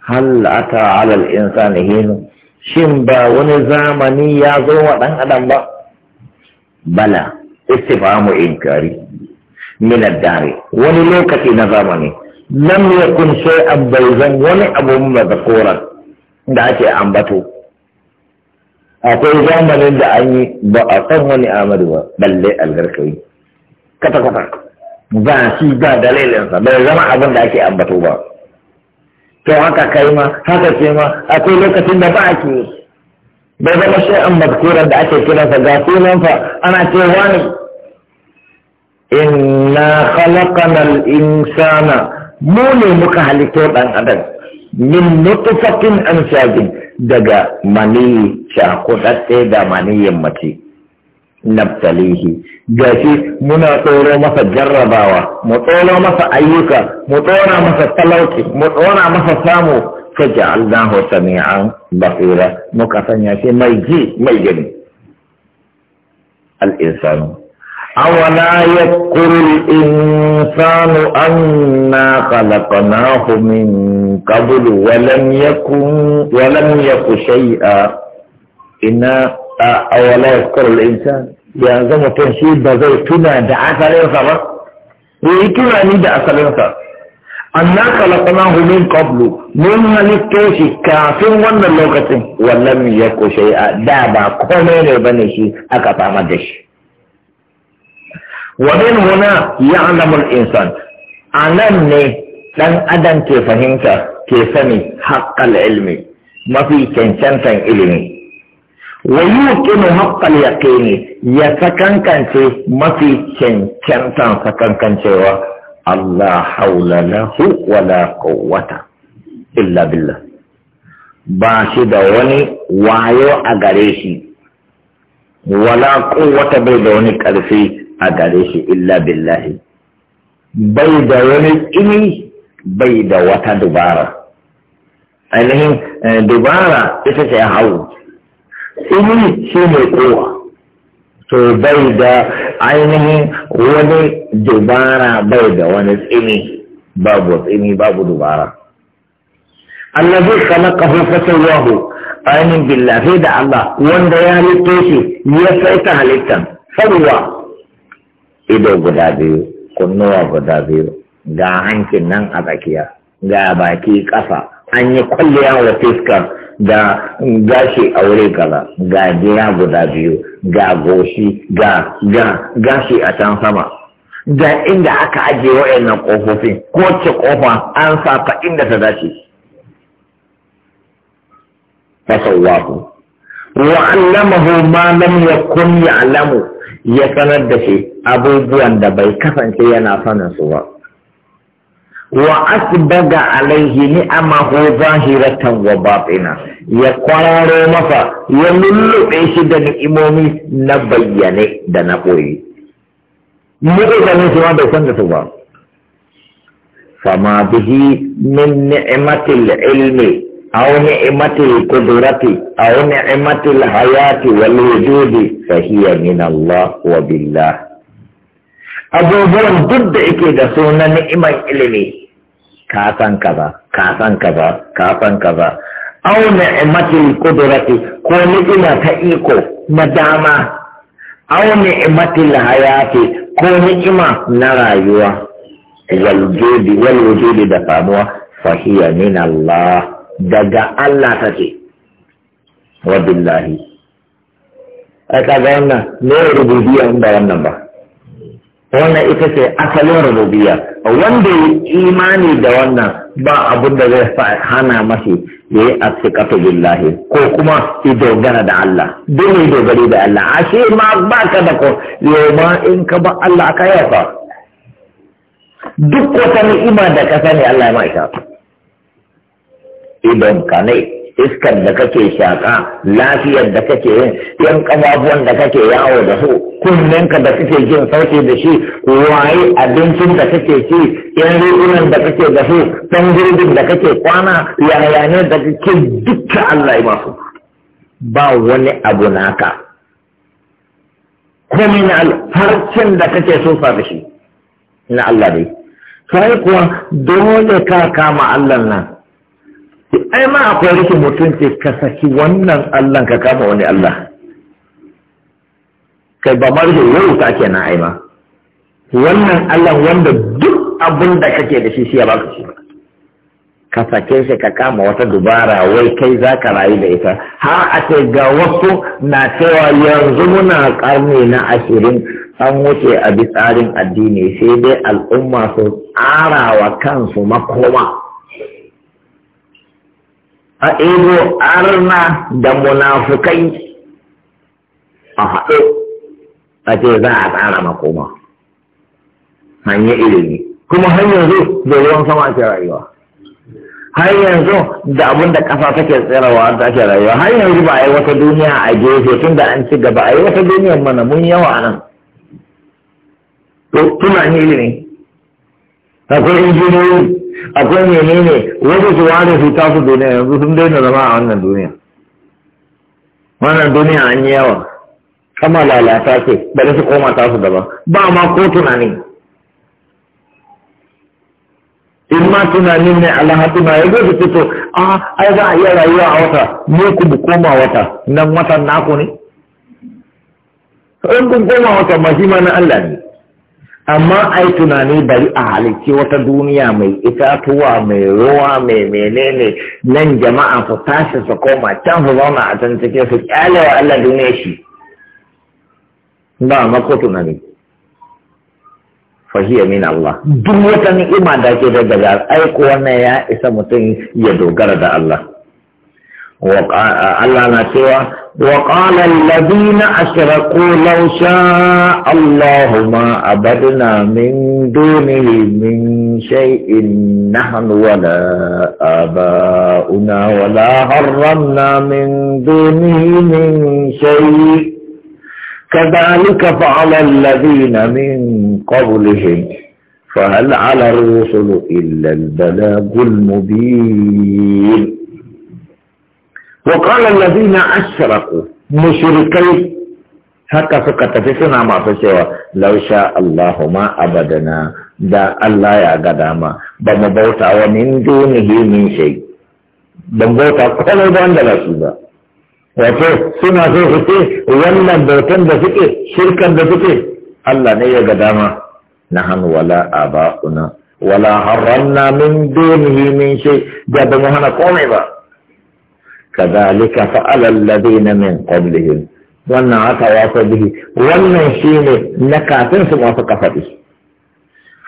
هل أتى على الإنسان حين shin ba wani zamani ya zo wa ɗan adam ba bala istifamu inkari min addari wani lokaci na zamani lam yakun an bai zan wani abu mun da ake ambato akwai zamanin da an yi ba a san wani amadu ba balle algarkawi Kata-kata. ba shi ba dalilinsa bai zama abin da ake ambato ba to haka kai ma haka ce ma akwai lokacin da ba a ke bai zama shi an mazkuran da ake kiransa ga sunan fa ana ce wani inna khalaqana al-insana mu ne muka halitto dan adam min nutfatin amshajin daga mani ko da mani yammaci. نبتليه جاشي منا طورو مسا جرباوا مطولو مسا أيوكا مطونا مسا تلوكي مطونا مسا سامو فجعلناه سميعا بصيرا مكسن ياشي ميجي ميجن الإنسان أولا يذكر الإنسان أنا خلقناه من قبل ولم يكن ولم يك شيئا إن أولا يذكر الإنسان yanzu mutum shi ba zai tuna da asalinsa ba yi tunani da asalinsa anna khalaqnahu min qablu mun halitta shi kafin wannan lokacin ya yaku a da ba komai ne bane shi aka fama da shi wa min huna ya'lamu al-insan anan ne dan adam ke fahimta ke sani haƙƙal ilmi mafi cancantan ilimi wa yuqinu haqqal yaqini ya sakankance mafi cancantan sakankancewa Allah haula lahu wala quwwata illa billah ba shi da wani wayo a gare shi wala quwwata bai da wani ƙarfi a gare shi illa billahi bai da wani tsini bai da wata dubara ainihin eh, dubara ita ce hau ilimi shi ne kowa to bai da ainihin wani dubara bai da wani tsini babu tsini babu dubara allazi khalaqahu fasawahu ainihin billahi da Allah wanda ya halitta shi ya saita halittan sarwa ido guda biyu kunnuwa guda biyu ga hankin nan a tsakiya ga baki ƙasa an yi kwalliya wa fiskar Da gashi a wuri kaza ga jina guda biyu ga goshi ga ga gashi a can sama Da inda aka ajiye wa'annan ƙofofin ce ƙofa an sa ta inda ta dace fasawahu wa allamahu ma lam yakun ya'lamu ya sanar da shi abubuwan da bai kasance yana sanin su ba wa asbaga alaihi ni'amahu zahiratan wa batina ya kwararo masa ya lullube shi da ni'imomi na bayyane da na koyi mu'azamin su ma bai san da su ba fama bihi min ni'matil ilmi aw ni'matil qudrati aw ni'matil hayati wal wujudi fa hiya min Allah wa billah abubuwan duk da yake da sunan ni'imar ilimi ka san kaza ka san kaza ka san kaza aw ni'matil qudrati ko ni'ima ta iko na dama aw ni'matil hayati ko ni'ima na rayuwa wal judi wal wujudi da famuwa fa hiya min Allah daga Allah take wa billahi aka ga wannan ne rububiyya ba wannan ba wannan ita ce asalin rububiya wanda ya imani da wannan ba abin da zai hana mashi ya yi asikatu billahi ko kuma ya dogara da Allah don ya dogari da Allah a shi ma ba ka da ko yau ma in ka ba Allah ka yafa duk wata ni'ima da ka sani Allah ya ma idan ka ne iskar da kake shaƙa lafiyar da kake yin yan ƙababuwan da kake yawo da su kunnenka da kake jin sauke da shi waye abincin da kake ci yan rigunan da kake da su ɗan jirgin da kake kwana ne da kake dukkan Allah masu ba wani abu naka komai na alfarcin da kake so da shi na Allah dai sai kuwa dole ka kama Allah nan ai ma akwai rikin mutunci ka saki wannan Allah ka kama wani Allah kai ba yau ta ke na aima wannan Allah wanda duk abin da kake da shi shi ya baka shi ka sake shi ka kama wata dubara wai kai za ka rayu da ita har a ce ga wasu na cewa yanzu muna karni na ashirin an wuce a bi tsarin addini sai dai al'umma su tsara wa kansu makoma a ego arna da munafukai a haɗe a ce za a tsara makoma hanyar ilimi kuma har yanzu da ruwan sama ake rayuwa har yanzu da abin da ƙasa take tsirawa ta ake rayuwa har yanzu ba a yi wata duniya a gefe tun da an ci gaba a yi wata duniyar mana mun yawa nan to tunani ilimi akwai injiniyoyi akwai menene wasu su ware su tasu duniya yanzu sun daina zama a wannan duniya wannan duniya an yi yawa kama lalata ce bari su koma tasu daban ba ma ko tunani in ma tunanin ne alhatuna ya zai su to a ai za a iya rayuwa a wata ne ku koma wata nan watan naku ne in kun koma wata ma shi ma na Allah ne amma a yi tunani bari a halicci wata duniya mai itatuwa mai ruwa mai menene nan jama'a su tashi su koma can su zauna a can cike su kyalewa wa Allah duniya shi ba mako tunani fahiya min Allah duk wata ni'ima da ke daga aiko wannan ya isa mutum ya dogara da Allah Allah na cewa وقال الذين أشركوا لو شاء الله ما أبدنا من دونه من شيء نحن ولا آباؤنا ولا حرمنا من دونه من شيء كذلك فعل الذين من قبلهم فهل على الرسل إلا البلاغ المبين وقال الذين أشركوا مشركي haka suka tafi suna masu cewa lausha Allahu abadana da Allah ya ga dama bauta wa min dunihi min shay ban bauta komai ba wanda ba ba wato suna so su ce wannan bautan da suke shirkan da suke Allah ne ya na hannu wala wala da ba hana komai ba كذلك فعل الذين من قبلهم wannan haka ya fa bihi wannan shine na kafin su masu kafaɗi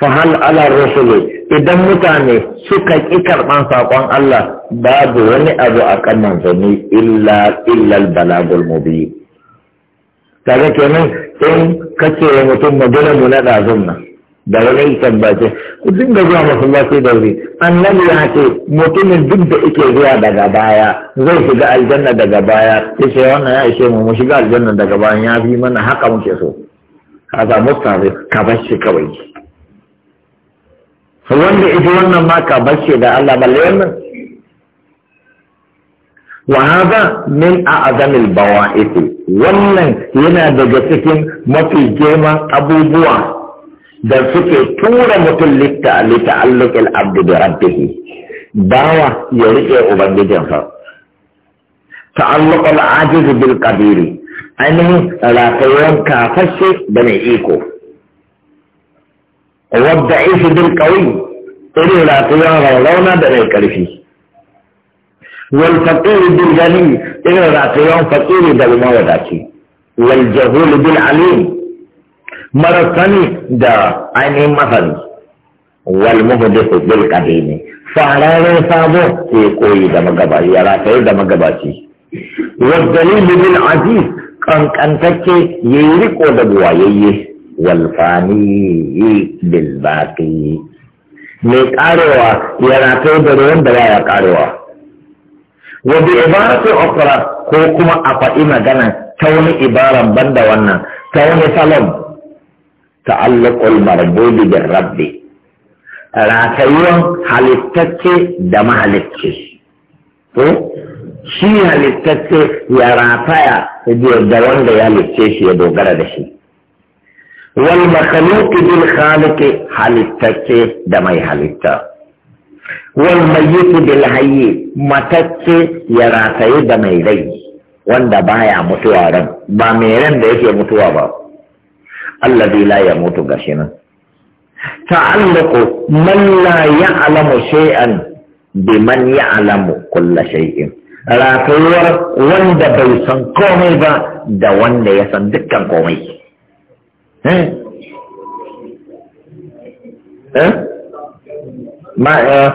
fa hal ala rasul idan mutane suka ƙi karban saƙon Allah babu wani abu a kan manzanni illa illa balagul mubin kaga kenan in kace mutum magana mu na dazun nan da wani tabbace ku dinga zuwa masallaci da wuri annabi ya ce mutumin duk da ike zuwa daga baya zai shiga aljanna daga baya yace wannan ya ishe mu mu shiga aljanna daga baya ya fi mana haka muke so ka samu tare ka bar shi kawai wanda ita wannan ma ka bar shi da Allah balle wannan wa hada min a'zamil bawa'ith wannan yana daga cikin mafi girman abubuwa da suke tura mutum lita'alluƙil abdu bi rabbihi bawa ya riƙe ubangijinsa ta'alluqul ajiz bil qadiri ainihin ratayen kafashe da mai iko wadda ishi bil qawi irin ratayen rauna da mai karfi wal faqir bil gani irin ratayen faqiri da mawadaci wal jahul bil alim marasani da ainihin masani wal muhdithu bil qadimi fararen sabo ke koyi da magabaci ya rataye da magabaci wal dalil bil aziz kankantacce yayi riko da buwayayye wal fani bil baqi mai karewa ya rataye da ruwan da ya karewa wa bi ibarati ukra ko kuma a faɗi magana ta wani ibaran banda wannan ta wani salon ta'alluqul marbudi bir rabbi ratayuwan halittace da mahalicci to shi halittacce ya rataya da wanda ya halicce ya dogara da shi wal makhluqi bil khaliqi halittacce da mai halitta wal mayyit bil hayyi matacce ya rataye da mai rai wanda baya mutuwa ran ba mai ran da yake mutuwa ba Allah allazi la mutu gashi nan ta'allaqu man la alamu shay'an bi man alamu kulla shay'in ratuwar wanda bai san komai ba da wanda ya san dukkan komai hmm? Hmm? Eh,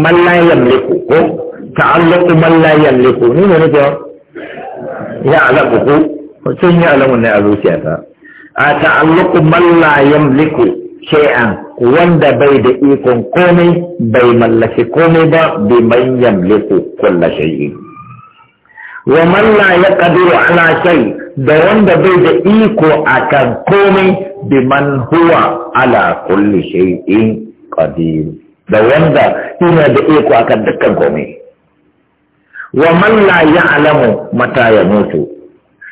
man la yamliku ko ta'allaqu man la yamliku ni ne ne ya alamu ko sun yi alamun ne a zuciyata a ta'alluqu man la yamliku shay'an wanda bai da ikon komai bai mallaki komai ba bi man yamliku kulla shay'in wa man la yaqdiru ala shay da wanda bai da iko akan komai bi man huwa ala kulli shay'in qadir da wanda yana da iko akan dukkan komai wa man la ya'lamu mata ya mutu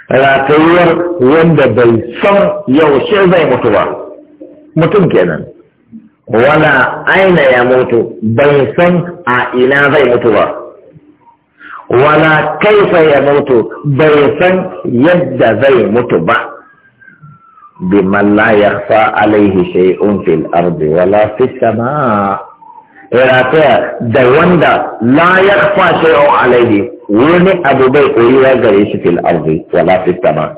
ratayuwar wanda bai san yaushe zai mutu ba mutum kenan wala aina ya mutu bai san a ina zai mutu ba wala kaifa ya mutu bai san yadda zai mutu ba biman la fa alaihi shay'un fil ardi wala fis samaa da wanda la yakhfa shay'un alaihi wani abu bai koyuwa gare shi fil ardi wala fit sama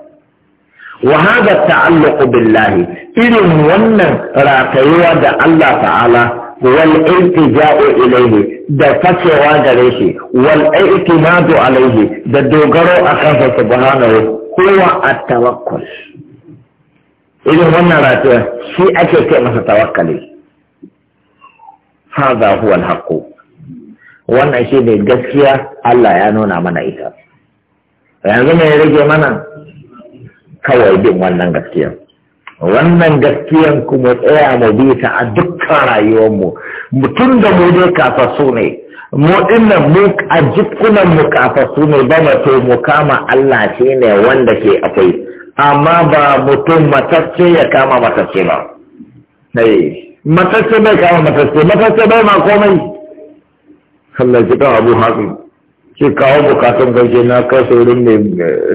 wa hada ta'alluq billahi irin wannan ratayuwa da Allah ta'ala wal iltija'u ilayhi da fakewa gare shi wal i'timadu alayhi da dogaro akan sa subhanahu huwa at-tawakkul irin wannan ratayuwa shi ake ce masa tawakkali hada huwa al wannan shi ne gaskiya Allah ya nuna mana ita yanzu mai rage mana kawai bin wannan gaskiya wannan gaskiyan kuma tsaya mu bi ta a dukkan mu. mutum da mu dai kafasu ne mu dinnan mu a jikunan mu kafasu ne ba mu mu kama Allah shi ne wanda ke akwai amma ba mutum matacce ya kama matacce ba matacce bai kama matacce matacce bai ma komai sannan shi kan Abu Hatim shi kawo bukatun gaje na kai saurin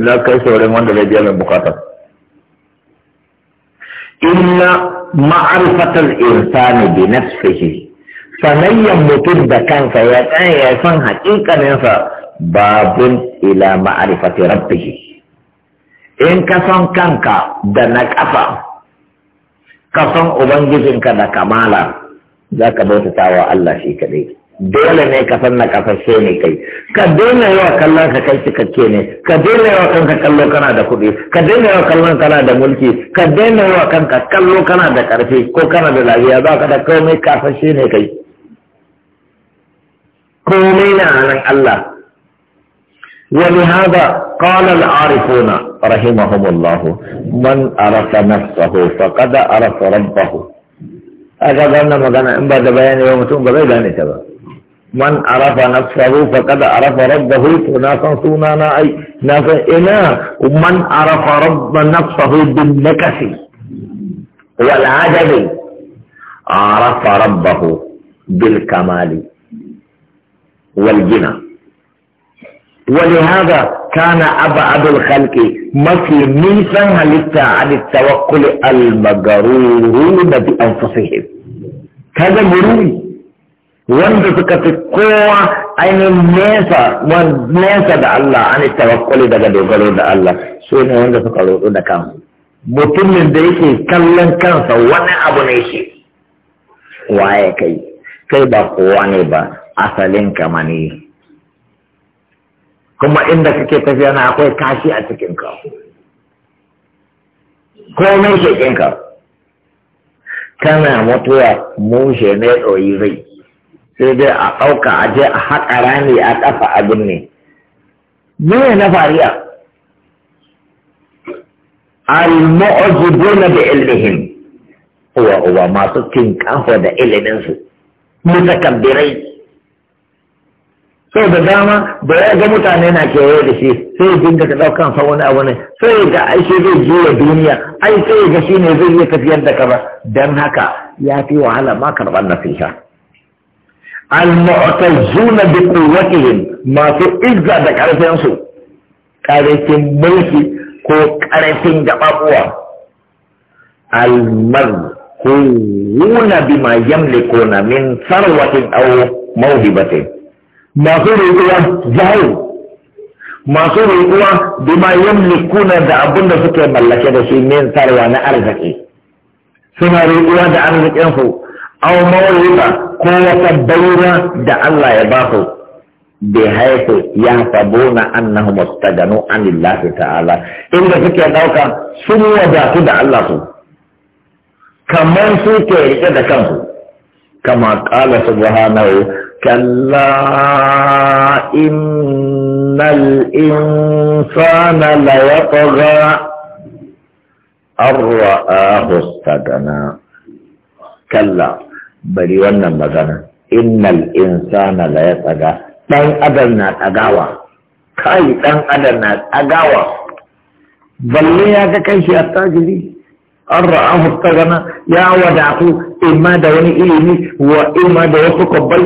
na kai saurin wanda zai biya mai bukata illa ma'arifatar insani bi nafsihi sanayyan mutum da kansa ya tsaya ya san hakikaninsa babun ila ma'arifati rabbihi in ka san kanka da na ƙafa, ka san ubangijinka da kamala za ka bauta tawa Allah shi kaɗai. dole ne ka san na kasashe ne kai ka daina yawa kallon ka kai cikakke ne ka daina yawa kanka kallo kana da kuɗi ka daina yawa kallon kana da mulki ka daina yawa kanka kallo kana da ƙarfi ko kana da lafiya za ka da komai kasashe ne kai komai na nan Allah ولهذا قال العارفون رحمهم الله من عرف نفسه فقد عرف ربه هذا قلنا مغانا ان بعد بيان ba تون بغير ذلك من عرف نفسه فقد عرف ربه فناسونا نا اي ناس انا ومن عرف رب نفسه بالنكس والعجب عرف ربه بالكمال والجنى ولهذا كان ابعد الخلق ما في ميسا حتى عن التوكل المغرور بانفسهم كذا مروي wanda suka fi kowa ainihin nesa nesa da Allah an tawakkuli daga dogaro da Allah su ne wanda suka roɗo da kansu mutumin da yake kallon kansa wani abu ne shi waye kai kai ba kowa ne ba asalin kama kuma inda kake tafiya na akwai kashi a cikinka komai shekinka kana mutuwa mushe ne ɗoyi zai sai dai a ɗauka a je a haƙa rami a ƙafa abin ne me na fariya al dole da ilmihim Uwa uwa masu kin ƙafa da ilimin su mutakabbirai sau da dama da ya ga mutane na kewaye da shi sai ya dinga ka ɗaukan sa wani abu ne sai ga ai shi zai juya duniya ai sai ga shi ne zai iya tafiyar da ka Dan haka ya fi wahala ma karɓar nasiha al-mu'tazuna bi quwwatihim masu izza da karfin su karfin mulki ko karfin gababuwa al-marhuna bima yamlikuna min sarwatin aw mawhibatin masu roƙuwa zawo masu roƙuwa bima yamlikuna da abin da suke mallake da shi min sarwa na arziki suna roƙuwa da su aw mawliba ko wata baira da Allah ya ba su bi haifu ya sabuna annahu mustaganu anillahi ta'ala inda suke dauka sun wadatu da Allah su kamar su ke rike da kansu kama qala subhanahu kalla innal insana la yatgha an ra'ahu kalla bari wannan magana innal insana la yataga dan adam na tagawa kai dan adam na tagawa balle ya ga kai shi attajiri an ra'ahu tagana ya wadatu imma da wani ilimi wa imma da wasu kabbai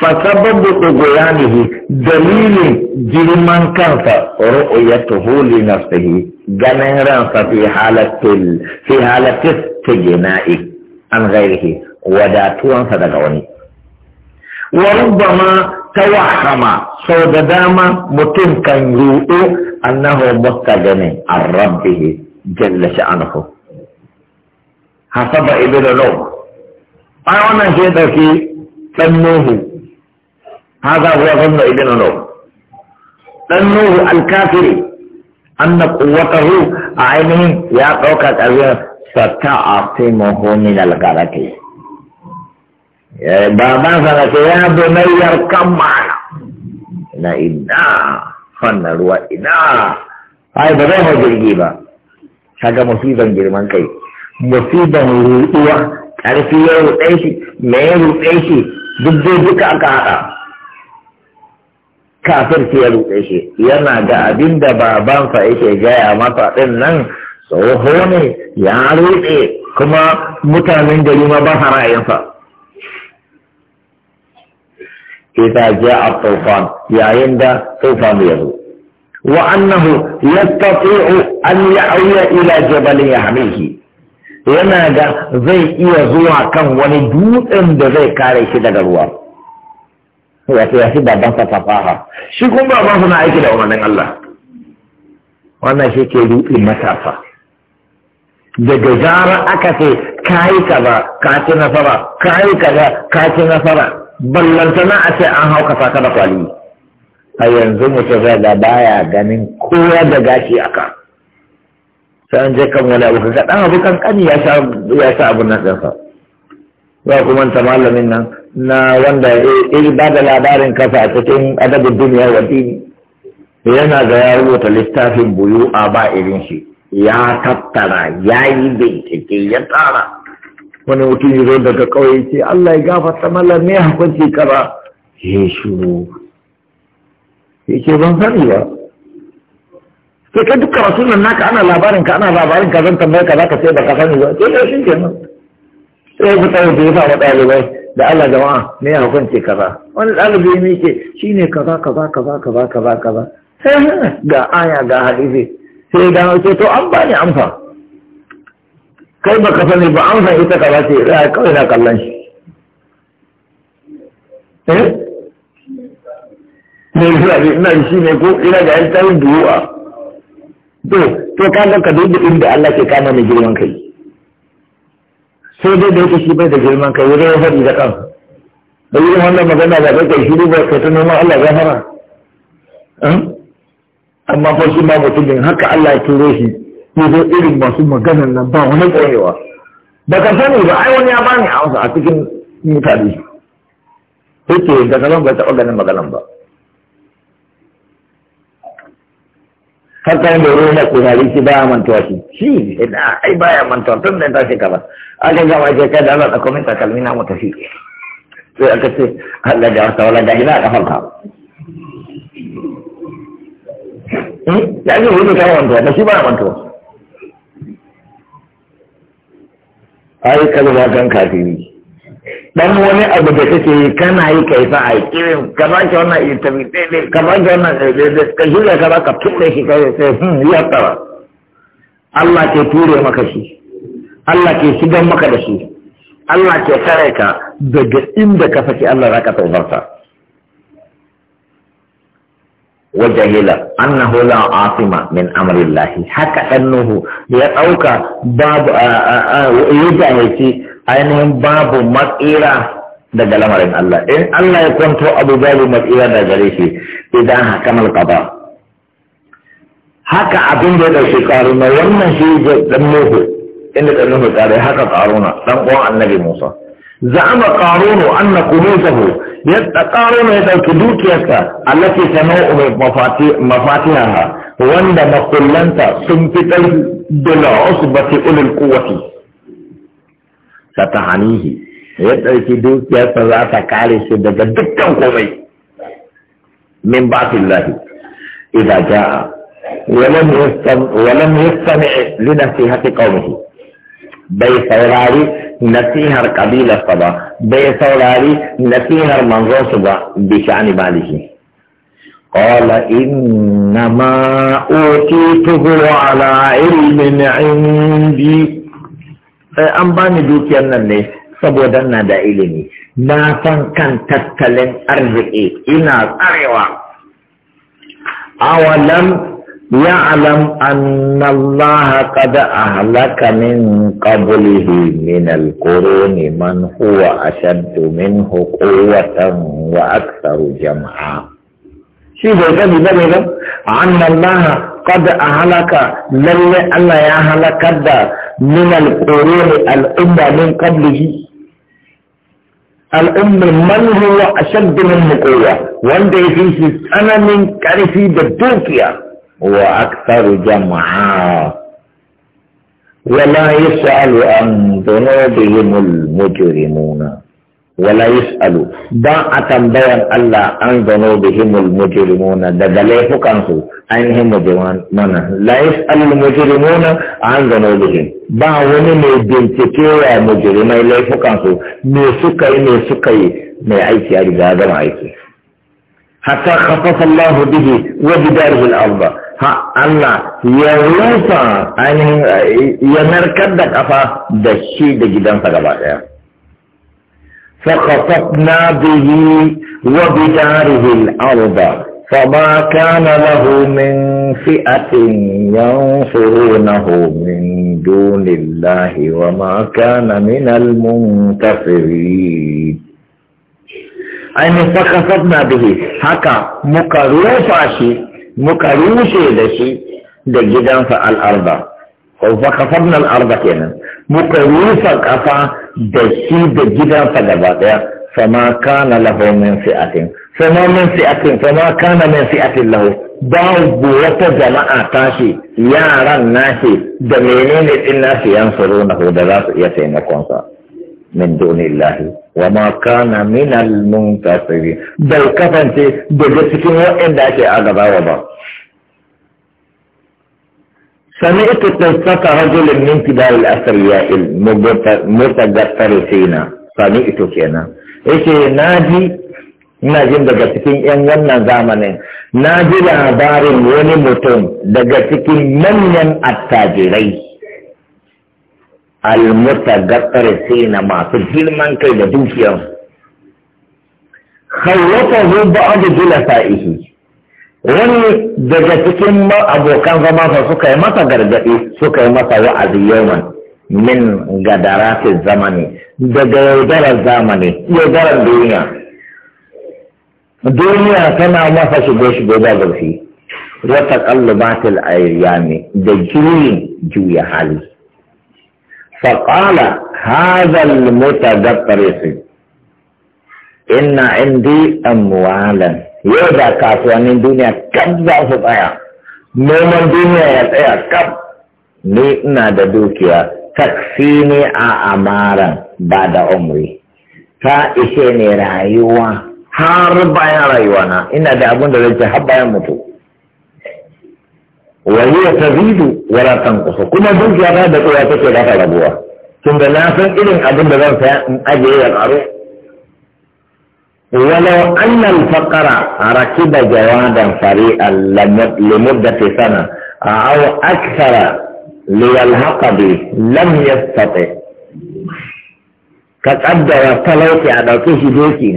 fasababu tsogoyanihi dalilin girman kansa ru'yatuhu li nafsihi ganin ransa fi halatil fi halatis tijna'i an gairihi wadatuwansa daga wani wa ta tawahama sau da dama mutum kan ruɗu annahu mustaghnin a rabbihi jalla sha'anuhu hasaba ibnu nuh ai wannan shi da ke dauki dan nuhu hada huwa zanna ibnu nuh dan nuhu al-kafiri anna quwwatahu a ainihin ya ɗauka ƙarfiyar a ستعصمه ba ba baban sana ce ya bunayyar kan mana na ina fanna ruwa ina ai ba zai hau jirgi ba kaga musiban girman kai musiban ruɗuwa ƙarfi ya ruɗe shi me ya ruɗe shi duk zai duka aka haɗa kafir ya ruɗe shi yana ga abin da babansa yake gaya masa ɗin nan tsoho ne ya rutse kuma mutanen gari ma ba sa ra'ayinsa إذا جاء الطوفان يا عند طوفان يذوب وأنه يستطيع أن يأوي إلى جبل يحميه yana da zai iya zuwa kan wani dutsen da zai kare shi daga ruwa wato ya shi baban sa fafaha shi kuma baban na aiki da umarnin Allah wannan shi ke dutse matasa daga gara aka ce ka yi kaza ka ci nasara ka yi kaza ka ci nasara ballantana a ce an hauka saka da kwali a yanzu mutum zai ga baya ganin kowa da gashi a ka sai an je kan wani abu ka ɗan abu kankani ya sha abu nan ɗinsa za ku manta malamin nan na wanda ya ba da labarin kasa a cikin adabin duniya wa dini yana ga ya rubuta littafin buyu a ba irin shi ya tattara ya yi bincike ya tsara wani mutum yi zo daga kawai ce Allah ya gafarta mala a hukunci shekara ya shuru ce ban sani ba sai ka duka karatu nan naka ana labarin ka ana labarin ka zan tambaya ka ka sai baka sani ba ke ya shi kenan sai ya fita da ya fara ɗalibai da Allah jama'a ne ya kwan shekara wani ɗalibi ne ke shine kaza kaza kaza kaza kaza kaza ga aya ga hadisi sai gano ce to an bani amsa kai ba ka sani ba amsa ita ka ba ce a kawai na kallon shi eh ne ina ne ina shi ne ko ina ga yan tayin duwa to to ka ga ka dubi inda Allah ke kama mai girman kai sai dai da yake shi bai da girman kai wajen ya faɗi da kan da wurin wannan magana ba kai shi ba ka tuno ma Allah fara? Eh? amma fa shi ma mutumin haka Allah ya turo shi ne da irin masu maganan nan ba wani koyewa ba ka sani ba ai wani ya bani a wasa a cikin mutane yake da kalan ba ta ganin maganan ba har kan da ruwa da kunari shi baya mantuwa shi shi ina ai baya mantuwa tun da ta a aka gama ce kai da Allah ta komenta kalmi na tafi sai aka ce Allah da wata wala da ina kafarka eh da ake wuri ta ba shi ba wanto ai kalma kan kafiri dan wani abu da kake yi kana yi kai fa ai kirin ka ba ki wannan interview dai dai ka ba ki wannan dai dai ka shirya ka ba ka tura shi kai sai hmm ya tsara Allah ke ture maka shi Allah ke shigar maka da shi Allah ke kare ka daga inda ka saki Allah zaka taubarta وجهل أنه لا عاصمة من أمر الله حتى أنه يتوقع باب ainihin babu matsira daga lamarin Allah in Allah ya kwanto abu babu matsira da gare shi idan hakamal qada haka abin da ya dauki karuna wannan shi ya dan nuhu inda dan nuhu kare haka karuna dan uwan annabi Musa زعم قارون أن كنوزه قارون يدوك دوكيك التي تنوء مفاتيحها وند مقلنت سنفتل بلا عصبة أولي القوة ستعنيه يدوك دوكيك ذات كالي سيدك دكا قومي من بعث الله إذا جاء ولم يستمع, ولم يستمع لنصيحة قومه بيس سيراري nasihar kabilarsa ba bai saurari nasihar manzonsu ba bi sha'ani maliki قال إنما ala على علم عندي an bani dukiyar nan ne saboda na da ilimi na san kan tattalin arziki ina tsarewa awalan يعلم أن الله قد أهلك من قبله من القرون من هو أشد منه قوة وأكثر جمعا أن الله قد أهلك للي أن يهلك من القرون الأمة من قبله الأمة من هو أشد منه قوة وانت فيه سنة من كارثي بالدوكيا وأكثر جمعا ولا يسأل عن ذنوبهم المجرمون ولا يسأل با أتنبيا الله عن ذنوبهم المجرمون دليه كانسو أينهم مجرمون منا لا يسأل المجرمون عن ذنوبهم با وني مي بنتكي مجرمي ليه كانسو مي سكي مي سكي مي عيسي أرجع دم عيسي حتى خفف الله به وبداره الأرض ha Allah ya rufa ainihin ya narkar da kafa da shi da gidansa gaba daya فخطفنا به وبداره الأرض فما كان له من فئة ينصرونه من دون الله وما كان من المنتصرين أين فخطفنا به هكا مكروفا muka rushe da shi da gidansa al’arba, ƙwaƙa fannin al’arba kenan, muka rufe da shi da gidansa gaba ɗaya, sama kana lahomin fi’atin, sama min fi’atin, sama kana min fi’atin lahu, ba ku wata jama’a tashi yaran nashi da menene ɗin nashi yan suru na da za su iya taimakonsa. min dunillahi wa ma kana min al-muntasirin bai kasance daga cikin waɗanda ake agabawa ba سمعت قصة رجل من كبار الأثرياء المتغطرسين سمعت كنا na ji ina jin daga cikin 'yan wannan zamanin na ji labarin wani mutum daga cikin manyan attajirai المتقطرسين masu girman kai da dukiyar khawwatahu ba'd julasa'ihi wani daga cikin abokan zama sa suka yi masa gargaɗi suka yi masa wa'azi yawan min gadaratin zamani daga yaudarar zamani yaudarar duniya duniya tana masa shigo-shigo da zurfi wata kallubatil ayyami da juyin juya hali فقال هذا المتدبرس إن عندي أموالا يودا كاسوانين دنيا كم زعفت آيا noman duniya ya tsaya kaf ni ina da dukiya taksi ne a amaran ba da umri ta ishe ne rayuwa har bayan rayuwa na ina da abin da zai ce har bayan mutu wa hiya tazidu wa la tanqusu kuma dukiya ta da tsoya take za ta rabuwa tunda na san irin abin da zan saya in ajiye ya karu ولو أن الفقر ركب جوادا سريعا لمدة سنة أو أكثر ليلحق به لم يستطع كقدر تلوثي على كيش دوكي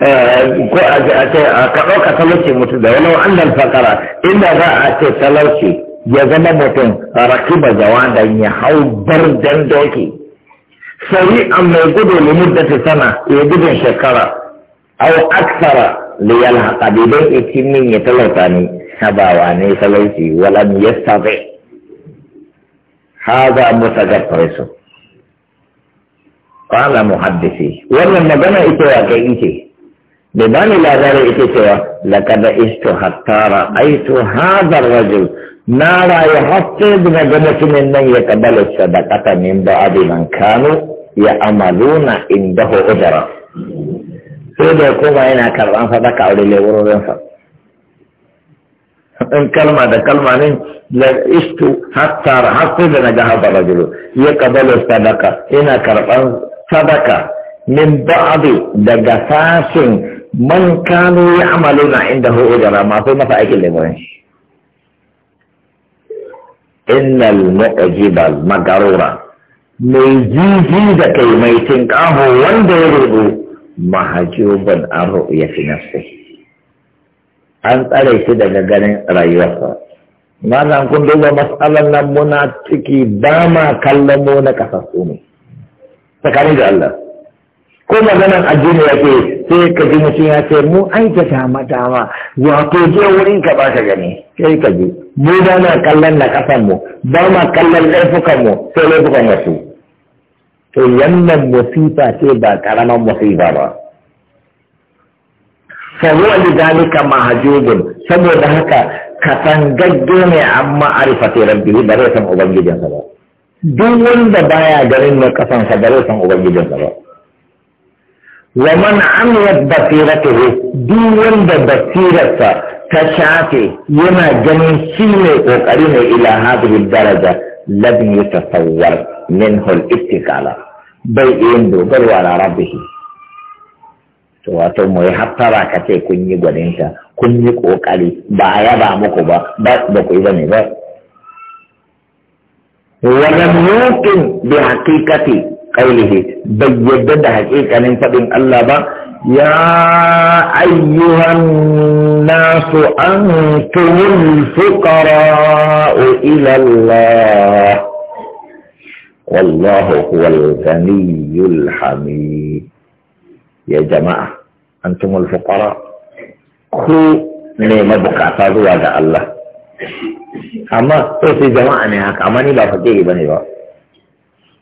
Eh, ko a ce a ka ɗauka talauci mutum da wani wannan fakara inda za a ce talauci ya zama mutum rakiba jawadan ya hau dan doki Sai a mai gudu ta sana ya gudun shekara au aksara da ya lahaƙa daidai ya ci min ya talauta ne sabawa ne talauci walam ya sabe haza musa haddisi. Wannan magana ita ya kai كإيتي ببالي لا ذلك كتوى لقد إستو حتى رأيت هذا الرجل ما لا يحفظ مجمس من يقبل الصدقة من بعد من كانوا يأملون عنده أجرا سيد يقوم أين أكرم صدقة أولي لأورو رنفا إن كلمة ده كلمة من لإستو حتى رأيت هذا الرجل يقبل الصدقة إن أكرم صدقة من بعد دقفاسين man kano ya amalu na inda hu ujara masu masa aikin limonin shi innal mu'jibal magarura mai jiji da kai mai tinkaho wanda ya rubu mahajuban aro ya fi nafsi an tsare shi daga ganin rayuwarsa malam kun duba matsalar nan muna ciki ba ma kallon mu na kasassu ne tsakanin da Allah ko maganan addini ya ce sai ka ji mutum ya ce mu aikata matawa wato je wurin ka ba ka gani sai ka ji mu ba ma kallon na kasan mu ba ma kallon laifukan mu sai laifukan wasu to wannan musifa ce ba karamar musifa ba fahuwa ka mahajubun saboda haka katangagge ne amma arifati rabbihi ba zai san ubangijinsa ba duk wanda baya garin na kasansa ba zai san ubangijinsa ba wa man amiyat basiratuhu duk wanda basirarsa ta shafe yana ganin shi ne ƙoƙari ne ila hadhihi daraja lam yatasawwar minhu al-istiqala bai yin dogarwa ala rabbihi to wato mai yi hattara ka ce kun yi gwaninta kun yi ba a yaba muku ba ba ku yi ba ne ba ولم يوقن بحقيقة قوله بيدد حقيقة ننفذ الله با يا أيها الناس أنتم الفقراء إلى الله والله هو الغني الحميد يا جماعة أنتم الفقراء خو نعمة بكاتا زواج الله أما توسي جماعة نهاك أماني لا فكيه بني بقى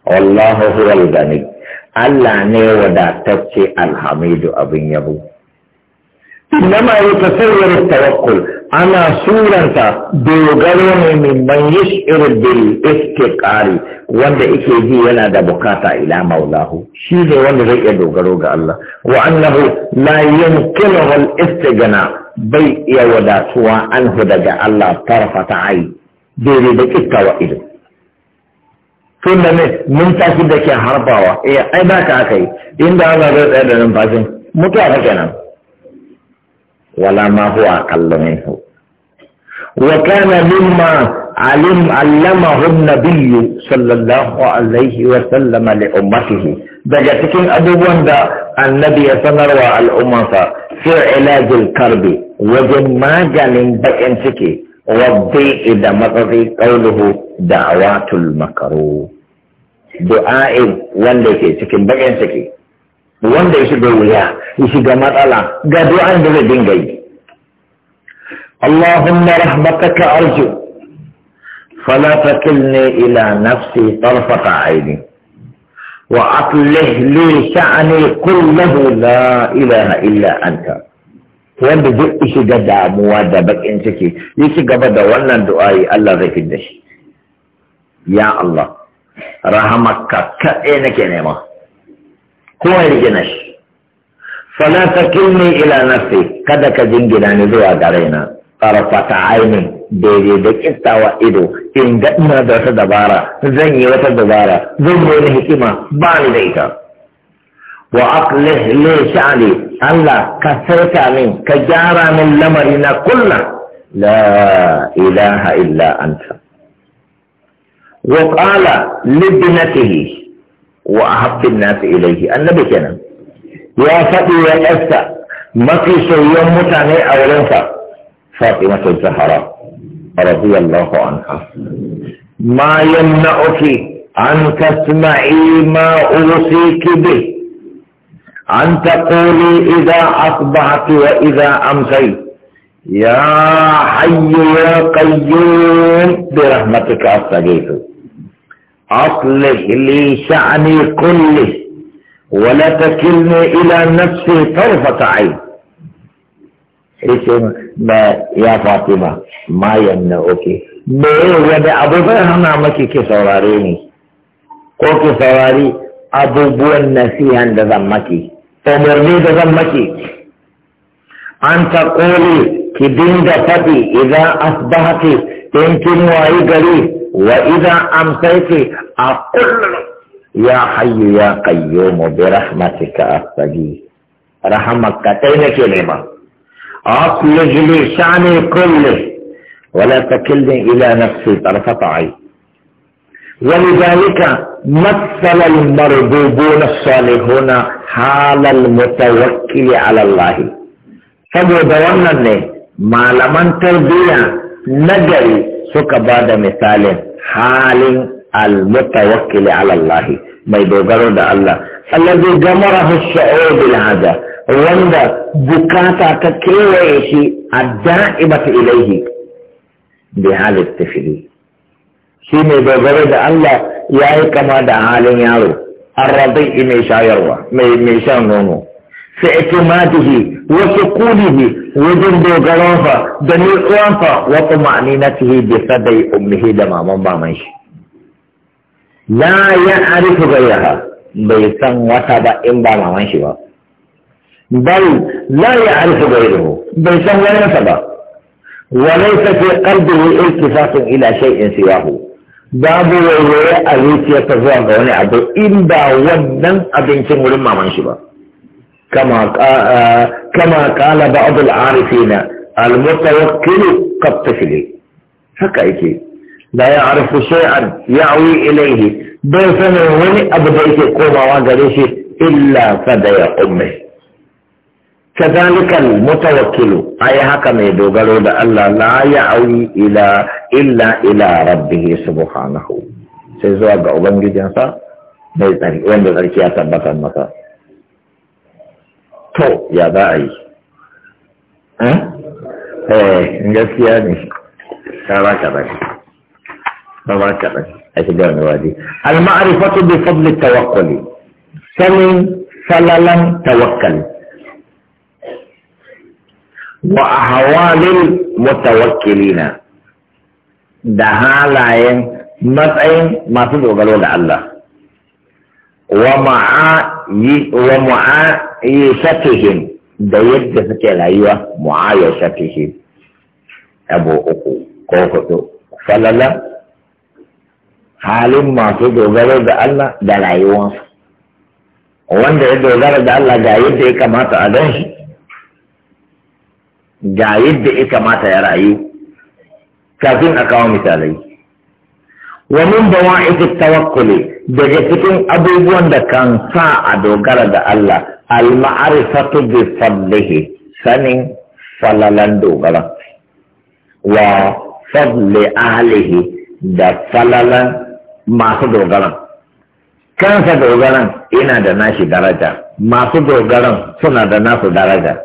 wallahu huwal gani Allah ne wadatacce alhamidu abin yabo إنما يتصور التوكل أنا سورة دوغروني ممن يشعر بالافتقار وند إكي جي ولا دبكاتا إلى مولاه شيء وند رئي دوغروغ الله وأنه لا يمكنه الاستغناء بيئي وداتوا عنه دجا الله طرفة عين ديري دك إتوائله tun da ne mun tashi da ke harbawa eh ai ba ka aka yi inda ana zai tsaye da numfashin mutuwa ta kenan wala ma a kallo ne su wa kana mimma alim allamahu nabiyyu sallallahu alaihi wa sallama li ummatihi daga cikin abubuwan da annabi ya sanarwa al'ummarsa fi ilajil karbi wajen maganin bakin ciki wa da matsatsi kauluhu da'awatul makaro du'a'in wanda ke cikin bakin ciki wanda ya shiga wuya ya shiga matsala ga du'an da zai dinga yi Allahumma rahmataka arju fala takilni ila nafsi tarfata aini wa aslih li sha'ni kullahu la ilaha illa anta wanda duk shiga damuwa da bakin ciki ya ci gaba da wannan du'a'i Allah zai fidda shi يا الله رحمك كأنك إيه نعمة هو الجنش فلا تكلني إلى نفسي قد كزنجي لاني ذو أقرينا طرفة عيني بيدي بك انت وإدو إن دأنا دوت دبارة زني وت دبارة زنجي لهكما بالي ديتا وأقله لي شعلي الله كثرت من كجارة من لمرنا كلنا لا إله إلا أنت وقال لابنته وأحب الناس إليه النبي كان يا فتي يا أستا ما في متاني او أولنفا فاطمة الزهراء رضي الله عنها ما يمنعك أن تسمعي ما أوصيك به أن تقولي إذا أصبحت وإذا أمسيت يا حي يا قيوم برحمتك أستغيث أصلح لي شأني كله ولا تكلني إلى نفسي طرفة عين اسم ما يا فاطمة ما يمنعك بيو يا أبو بكر أنا عمك كسواريني كو كسواري أبو بو النسيح عند ذمك تمرني ذمك أن تقولي كدين دفتي إذا أصبحت تنتم وايقلي واذا امسيت اقول يا حي يا قيوم برحمتك استجيب رحمك كتين كلمة أخرج لساني كله ولا تكلني إلى نفسي طرف طعي ولذلك مثل المربوبون الصالحون حال المتوكل على الله فلو فمدونني ما لمن تربيه nagari suka ba da misalin halin almutawakkili ala Allah mai dogaro da Allah allazi gamara shu'ur bil hada wanda bukata ta kewaye shi a da'ibati ilaihi bi halit tafili shi mai dogaro da Allah yayi kama da halin yaro An mai shayarwa mai mai shan nono fi وسكونه وجن دوغرافا دني قوانفا وطمأنينته بصدي أمه لما من بامنش لا يعرف غيرها بيسان وتبا إن بامنش بل لا يعرف غيره بيسان ولا وليس في قلبه التفات إلى شيء سواه babu waiwaye a zuciya ta zuwa ga wani abu in ba wannan abincin wurin maman shi ba كما آه، كما قال بعض العارفين المتوكل كالطفل هكا يكي لا يعرف شيئا يعوي إليه بيسن وني أبديك قوم وقريش إلا فدي أمه كذلك المتوكل أي هكا ميدوغلو دا الله لا يعوي إلى إلا إلى ربه سبحانه سيزوى قوبان جدا سا بيسن وين بغريش يتبطن مثلا to ya za a yi eh gaskiya ne kara kaɗan kara kaɗan a shiga wani waje al-ma'rifatu bi fadli tawakkuli sanin salalan tawakkali wa ahwalil mutawakkilina da halayen matsayin masu dogaro da Allah yi ومعايشتهم da yadda suke rayuwa ya mu'ayyashatihim abu uku ko hudu falala halin masu dogaro da Allah da rayuwarsa wanda ya dogara da Allah ga yadda ya kamata a gan shi ga yadda ya kamata ya rayu kafin a kawo misalai wa min bawa'id at-tawakkul daga cikin abubuwan da kan sa a dogara da Allah al-ma'rifatu bi fadlihi sanin falalan dogara wa fadli ahlihi da falalan masu dogara kansa dogaran ina da nashi daraja masu dogaran suna da nasu daraja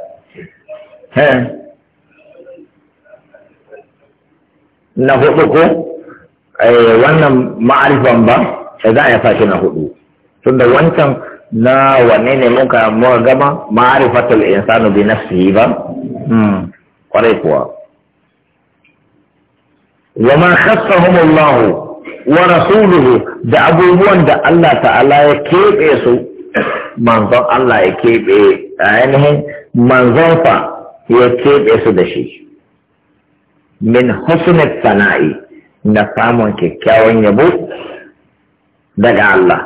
na hudu ko Eh, wannan ma'arifan ba sai za a yi fashi na hudu tunda wancan na wanne ne muka muka gama ma'arifatul insanu bi nafsihi ba hmm, kwarai kuwa wa man khassahum Allah wa rasuluhu da abubuwan da Allah ta'ala ya keɓe su manzon Allah ya keɓe ainihin manzon fa ya keɓe su da shi min husnul sana'i Na samun kyakkyawan yabo daga Allah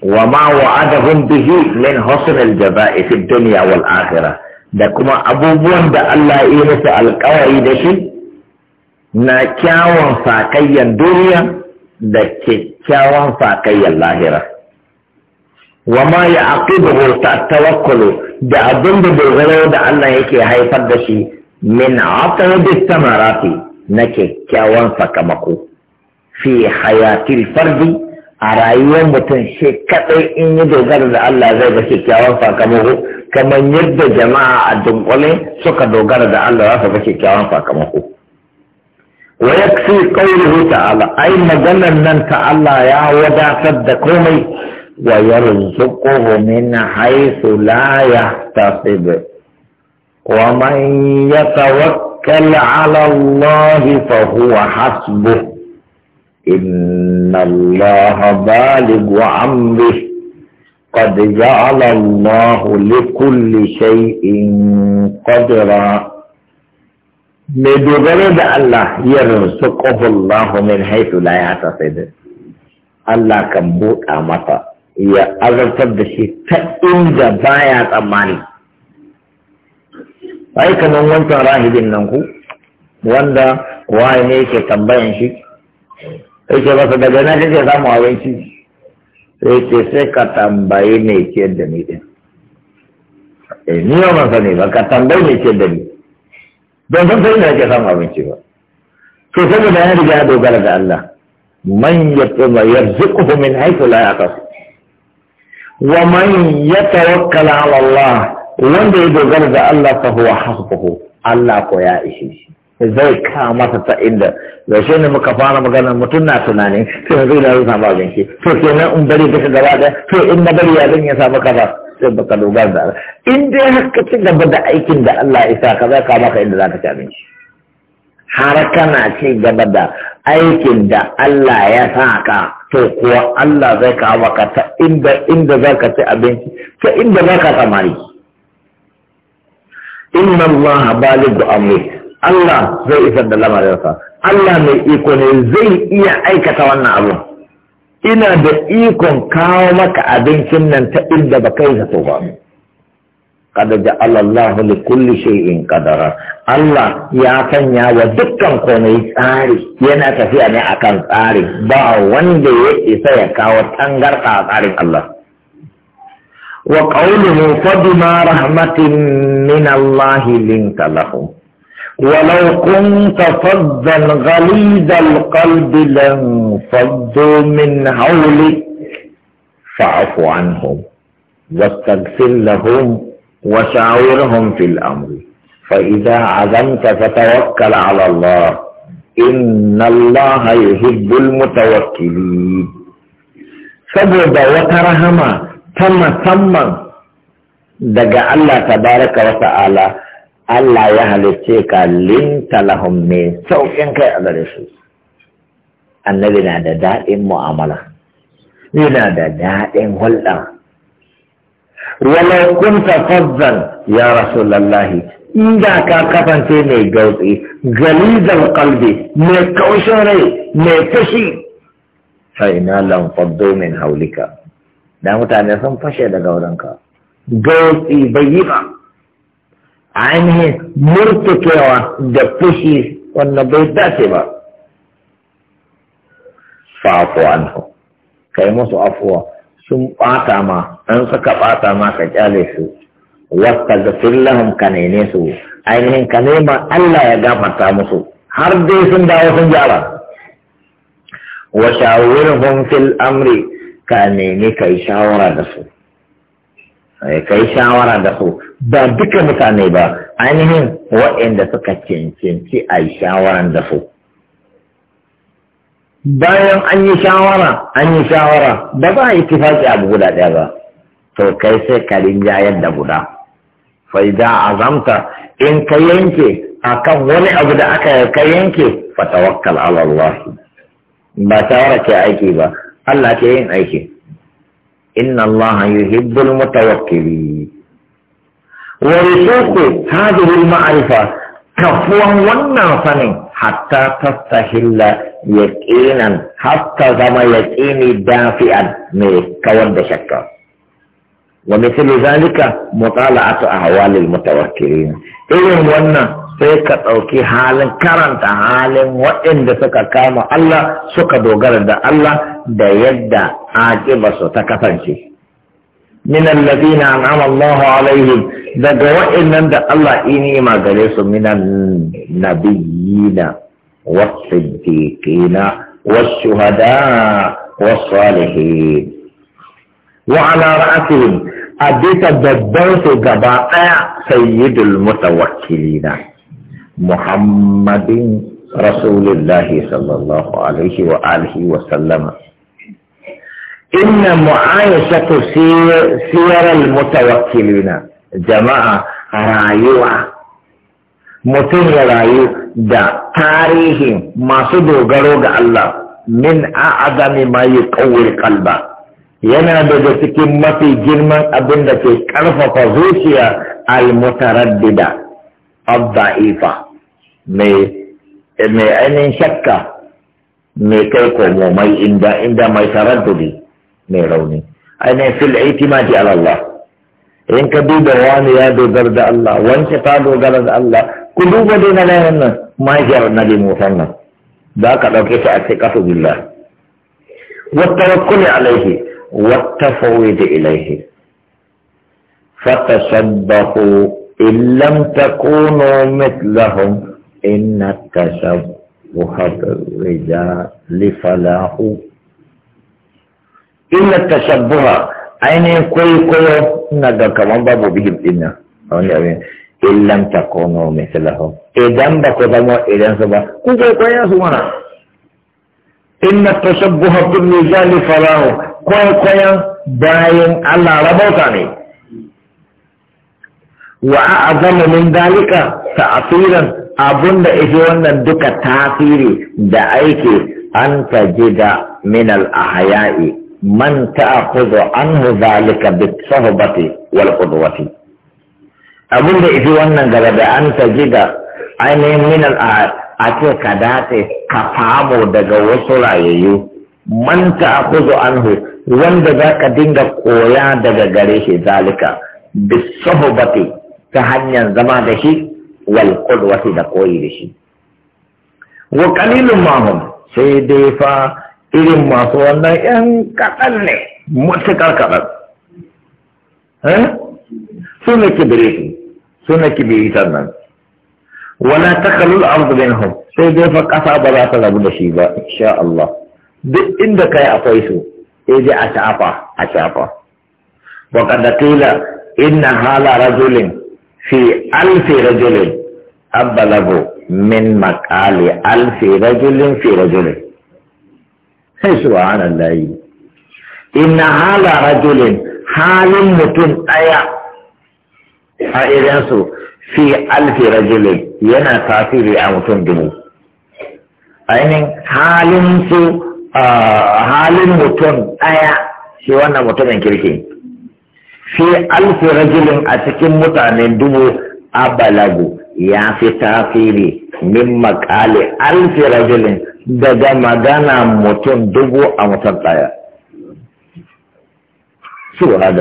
wa ma wa'adahum bihi min husn al-jaza'i fi dunya wal akhirah da kuma abubuwan da Allah ya musu alkawari da shi na kyawun sakayyan duniya da kyakkyawan sakayyan lahira wa ma ya aqibahu ta tawakkulu da abin da dogaro da Allah yake haifar da shi min aqrabi samarati na kyakkyawan sakamako fi hayatil fardi a rayuwar mutum shi kadai in yi dogara da Allah zai ga kyakkyawan sakamako kamar yadda jama'a a dunkule suka dogara da Allah za su ga kyakkyawan sakamako wa yakfi qawluhu ta'ala ai maganar nan ta Allah ya wadatar da komai wa yarzuquhu min haythu la yahtasib wa man yatawakkal توكل على الله فهو حسبه إن الله بالغ عمره قد جعل الله لكل شيء قدرا مدوغره الله يرزقه الله من حيث لا يعتقد الله كم بوت يا أغلب الشيء فإن جبايا تماني ai kaman wancan rahibin nan ku wanda waye ne yake tambayan shi yake masa daga nan kake samu abinci sai ce sai ka tambaye ne ke da ni din e ni ba ma sani ba ka tambaye ne ke da ni don san sai ne yake samu abinci ba to saboda ya riga dogara da Allah man yatuma yarzuquhu min haythu la yaqas wa man yatawakkal ala Allah wanda ya dogara da Allah fa huwa hasbuhu Allah ko ya ishe shi zai ka masa ta inda yaushe ne muka fara magana mutum na tunanin to yanzu da zai samu abin shi to kenan in bari duka gaba da to in na bari ya zan ya samu kaza sai baka dogara da Allah in dai haka ci gaba da aikin da Allah ya sa kaza ka maka inda zaka ci abinci har kana ci gaba da aikin da Allah ya sa ka to kuwa Allah zai kawo maka ta inda inda zaka ci abinci ta inda zaka samari inna Allah baligu amri Allah zai isar da lamarinsa Allah mai iko ne zai iya aikata wannan abu ina da ikon kawo maka abincin nan ta inda ba kai zato ba kada ja'ala Allah li kulli shay'in qadara Allah ya sanya wa dukkan komai tsari yana tafiya ne akan tsari ba wanda ya isa ya kawo tangarɗa a tsarin Allah وقوله فبما رحمة من الله لنت لهم ولو كنت فظا غليظ القلب لانفضوا من حولك فاعف عنهم واستغفر لهم وشاورهم في الامر فاذا عزمت فتوكل على الله ان الله يحب المتوكلين فبدا وترهما ta musamman daga Allah ta baraka wa ta'ala Allah ya halicce ka linta lahum me sauƙin kai a gare su annabi na da daɗin mu'amala yana da daɗin hulɗa walau kunta fazzan ya rasulullahi inda ka kasance mai gautsi galizan kalbi mai kaushin rai mai fashi fa ina lan faddo haulika da mutane sun fashe daga wurinka gautsi bai yi ba ainihin murtukewa da fushi wannan bai dace ba fa'afu anhu kai musu afuwa sun ɓata ma an suka ɓata ma ka kyale su wata da lahum ka nene su ainihin ka nema Allah ya gafarta musu har dai sun dawo sun gyara wa shawirhum fil amri ka nemi ka yi shawara da su eh, ka yi shawara da su ba duka mutane ba ainihin waɗanda suka cancanci a yi shawaran da su bayan an yi shawara an yi shawara ba za a yi tifaki abu guda ɗaya ba to kai sai ka 'ya yadda guda faida azamta in ka yanke akan wani abu da aka ka yanke fatawakkal ala Allah ba shawara ke aiki ba Allah ke yin aiki inna Allah yuhibbul mutawakkili wa rusuku hadhihi al-ma'rifa kafuwan wannan sanin hatta tastahilla yaqinan hatta zama yaqini dafi'an mai kawar da shakka wa ومثل zalika mutala'atu ahwalil mutawakkilin إذن وانا sai ka ɗauki halin karanta halin waɗanda suka kama Allah suka dogara da Allah da yadda aƙibarsu ta kasance. Minan ladina an'ama Allahu alaihim daga waɗannan da Allah ini ma gare su minan nabiyina was-siddiqina was-shuhada was-salihin. Wa ala ra'atihim a bisa babban su gaba ɗaya sayyidul mutawakkilina. محمد رسول الله صلى الله عليه وآله وسلم إن معايشة سير المتوكلين جماعة رايوة متن رايو دا تاريخ ما صدو غروغ الله من أعظم ما يقوي القلب yana daga cikin mafi girman abin da ke ƙarfafa zuciya mai ainihin shakka mai kai komo mai inda inda mai taraddudi mai rauni ainihin fil itimadi ala Allah in ka duba wani ya dogara da Allah wance ta dogara da Allah ku duba dai na nan nan majiyar nabi musan nan da ka dauke ta a cikin billah wa tawakkul alaihi wa tafawid ilaihi fatasabbahu in illam takunu mithlahum inna kasab buhabar rija lifalahu inna kasab buha ainihin kwaikwayo na ga kaman babu bihim inna kasab buha kun rija lifalahu kwaikwayo bayan allah rabauta ne wa a zama min dalika ta'asiran abun da ita wannan duka tasiri da aiki an ta tajida min al-ahya'i man ta'khudhu anhu zalika bi sahbati wal qudwati abun da ita wannan gaba da an tajida ainihin min al-ahya'i ce ka dace ka famo daga wasu rayayyu man ta'khudhu anhu wanda za ka dinga koya daga gare shi zalika bi sahbati ta hanyar zama da shi wal qudwati da koyi da shi wa qalilun mahum sai dai fa irin masu wannan yan kaɗan ne matuƙar kaɗan eh? su ne kibiritu su ne kibiritan nan wala takalul ardu minhum sai dai fa ƙasa ba za ta rabu da shi ba insha Allah duk inda kai akwai su sai dai a shafa a shafa wa qad qila inna hala rajulin fi alfi rajulin abalabu min makali alfi rajulin fi rajulin sai layi inna hala rajulin halin mutum ɗaya a su fi alfi rajulin yana tasiri a mutum dubu ainihin halin su halin mutum ɗaya shi wannan mutumin kirki fi alfi rajulin a cikin mutane dubu balagu ya fi tasiri min makali alfi rajulin daga magana mutum dubu a mutum ɗaya.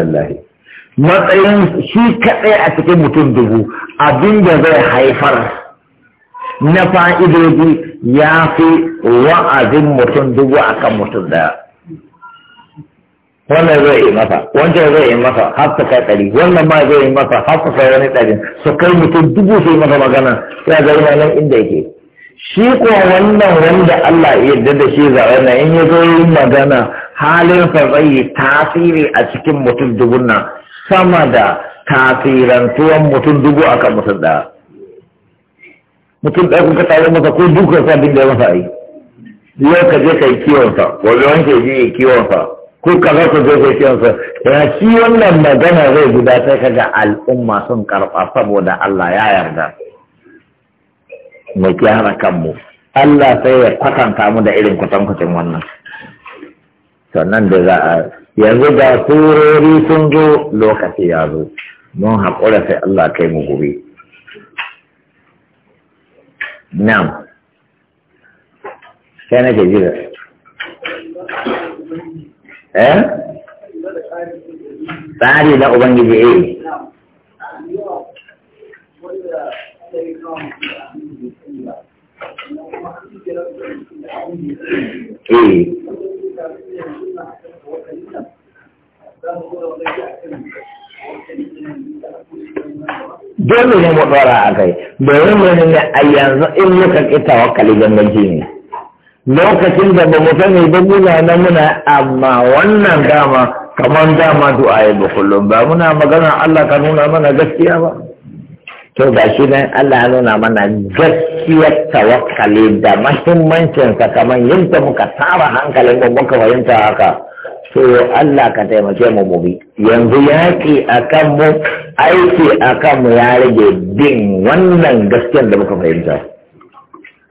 lahi. Matsayin shi kaɗai a cikin mutum dubu abin da zai haifar na fa'idodi ya fi wa'azin mutum dubu akan mutum ɗaya. wannan zai yi masa wancan zai yi masa har ta kai ɗari wannan ma zai yi masa har ta kai wani ɗari su kai mutum dubu su yi masa magana ya zai yi nan inda yake shi ko wannan wanda Allah ya yarda da shi za wannan in ya zo yin magana halin sa zai yi tasiri a cikin mutum dubu na sama da tasirantuwan mutum dubu akan mutum ɗaya mutum ɗaya kuka tare masa ko dukkan da ya masa ai yau ka je ka yi kiwonsa wajen wanke je ya kiwonsa ko kaza ku je ku kiyansa ya shi wannan magana zai gudatar ga al'umma sun karɓa saboda Allah ya yarda mu gyara kanmu Allah sai ya kwatanta mu da irin kwatan kwatan wannan sannan da za a yanzu da turori sun zo lokaci ya zo mun haƙura sai Allah kai mu gobe na'am sai nake jira eh tsari na ubangiji eh eh dole ne mu tsara a kai domin mu ne a yanzu in muka ƙi tawakkali gangaji ne lokacin da ba mu sani ba muna na muna amma wannan dama kamar dama du'a ya ba kullum ba muna magana Allah ka nuna mana gaskiya ba to ga shi nan Allah ya nuna mana gaskiyar tawakkali da mahimmancin sa kamar yadda muka tara hankalin mu muka fahimta haka to Allah ka taimake mu mu bi yanzu yaki akan mu aiki akan mu ya rage bin wannan gaskiyar da muka fahimta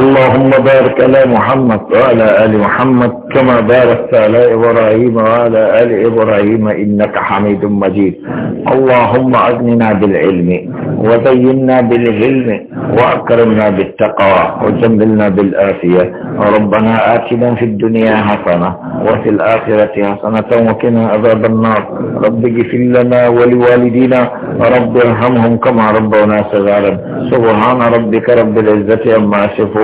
اللهم بارك على محمد وعلى آل محمد كما باركت على إبراهيم وعلى آل إبراهيم إنك حميد مجيد اللهم أغننا بالعلم وزينا بالعلم وأكرمنا بالتقوى وجملنا بالآفية ربنا آتنا في الدنيا حسنة وفي الآخرة حسنة وقنا عذاب النار رب اغفر لنا ولوالدينا رب ارحمهم كما ربنا صغارا سبحان ربك رب العزة عما يصفون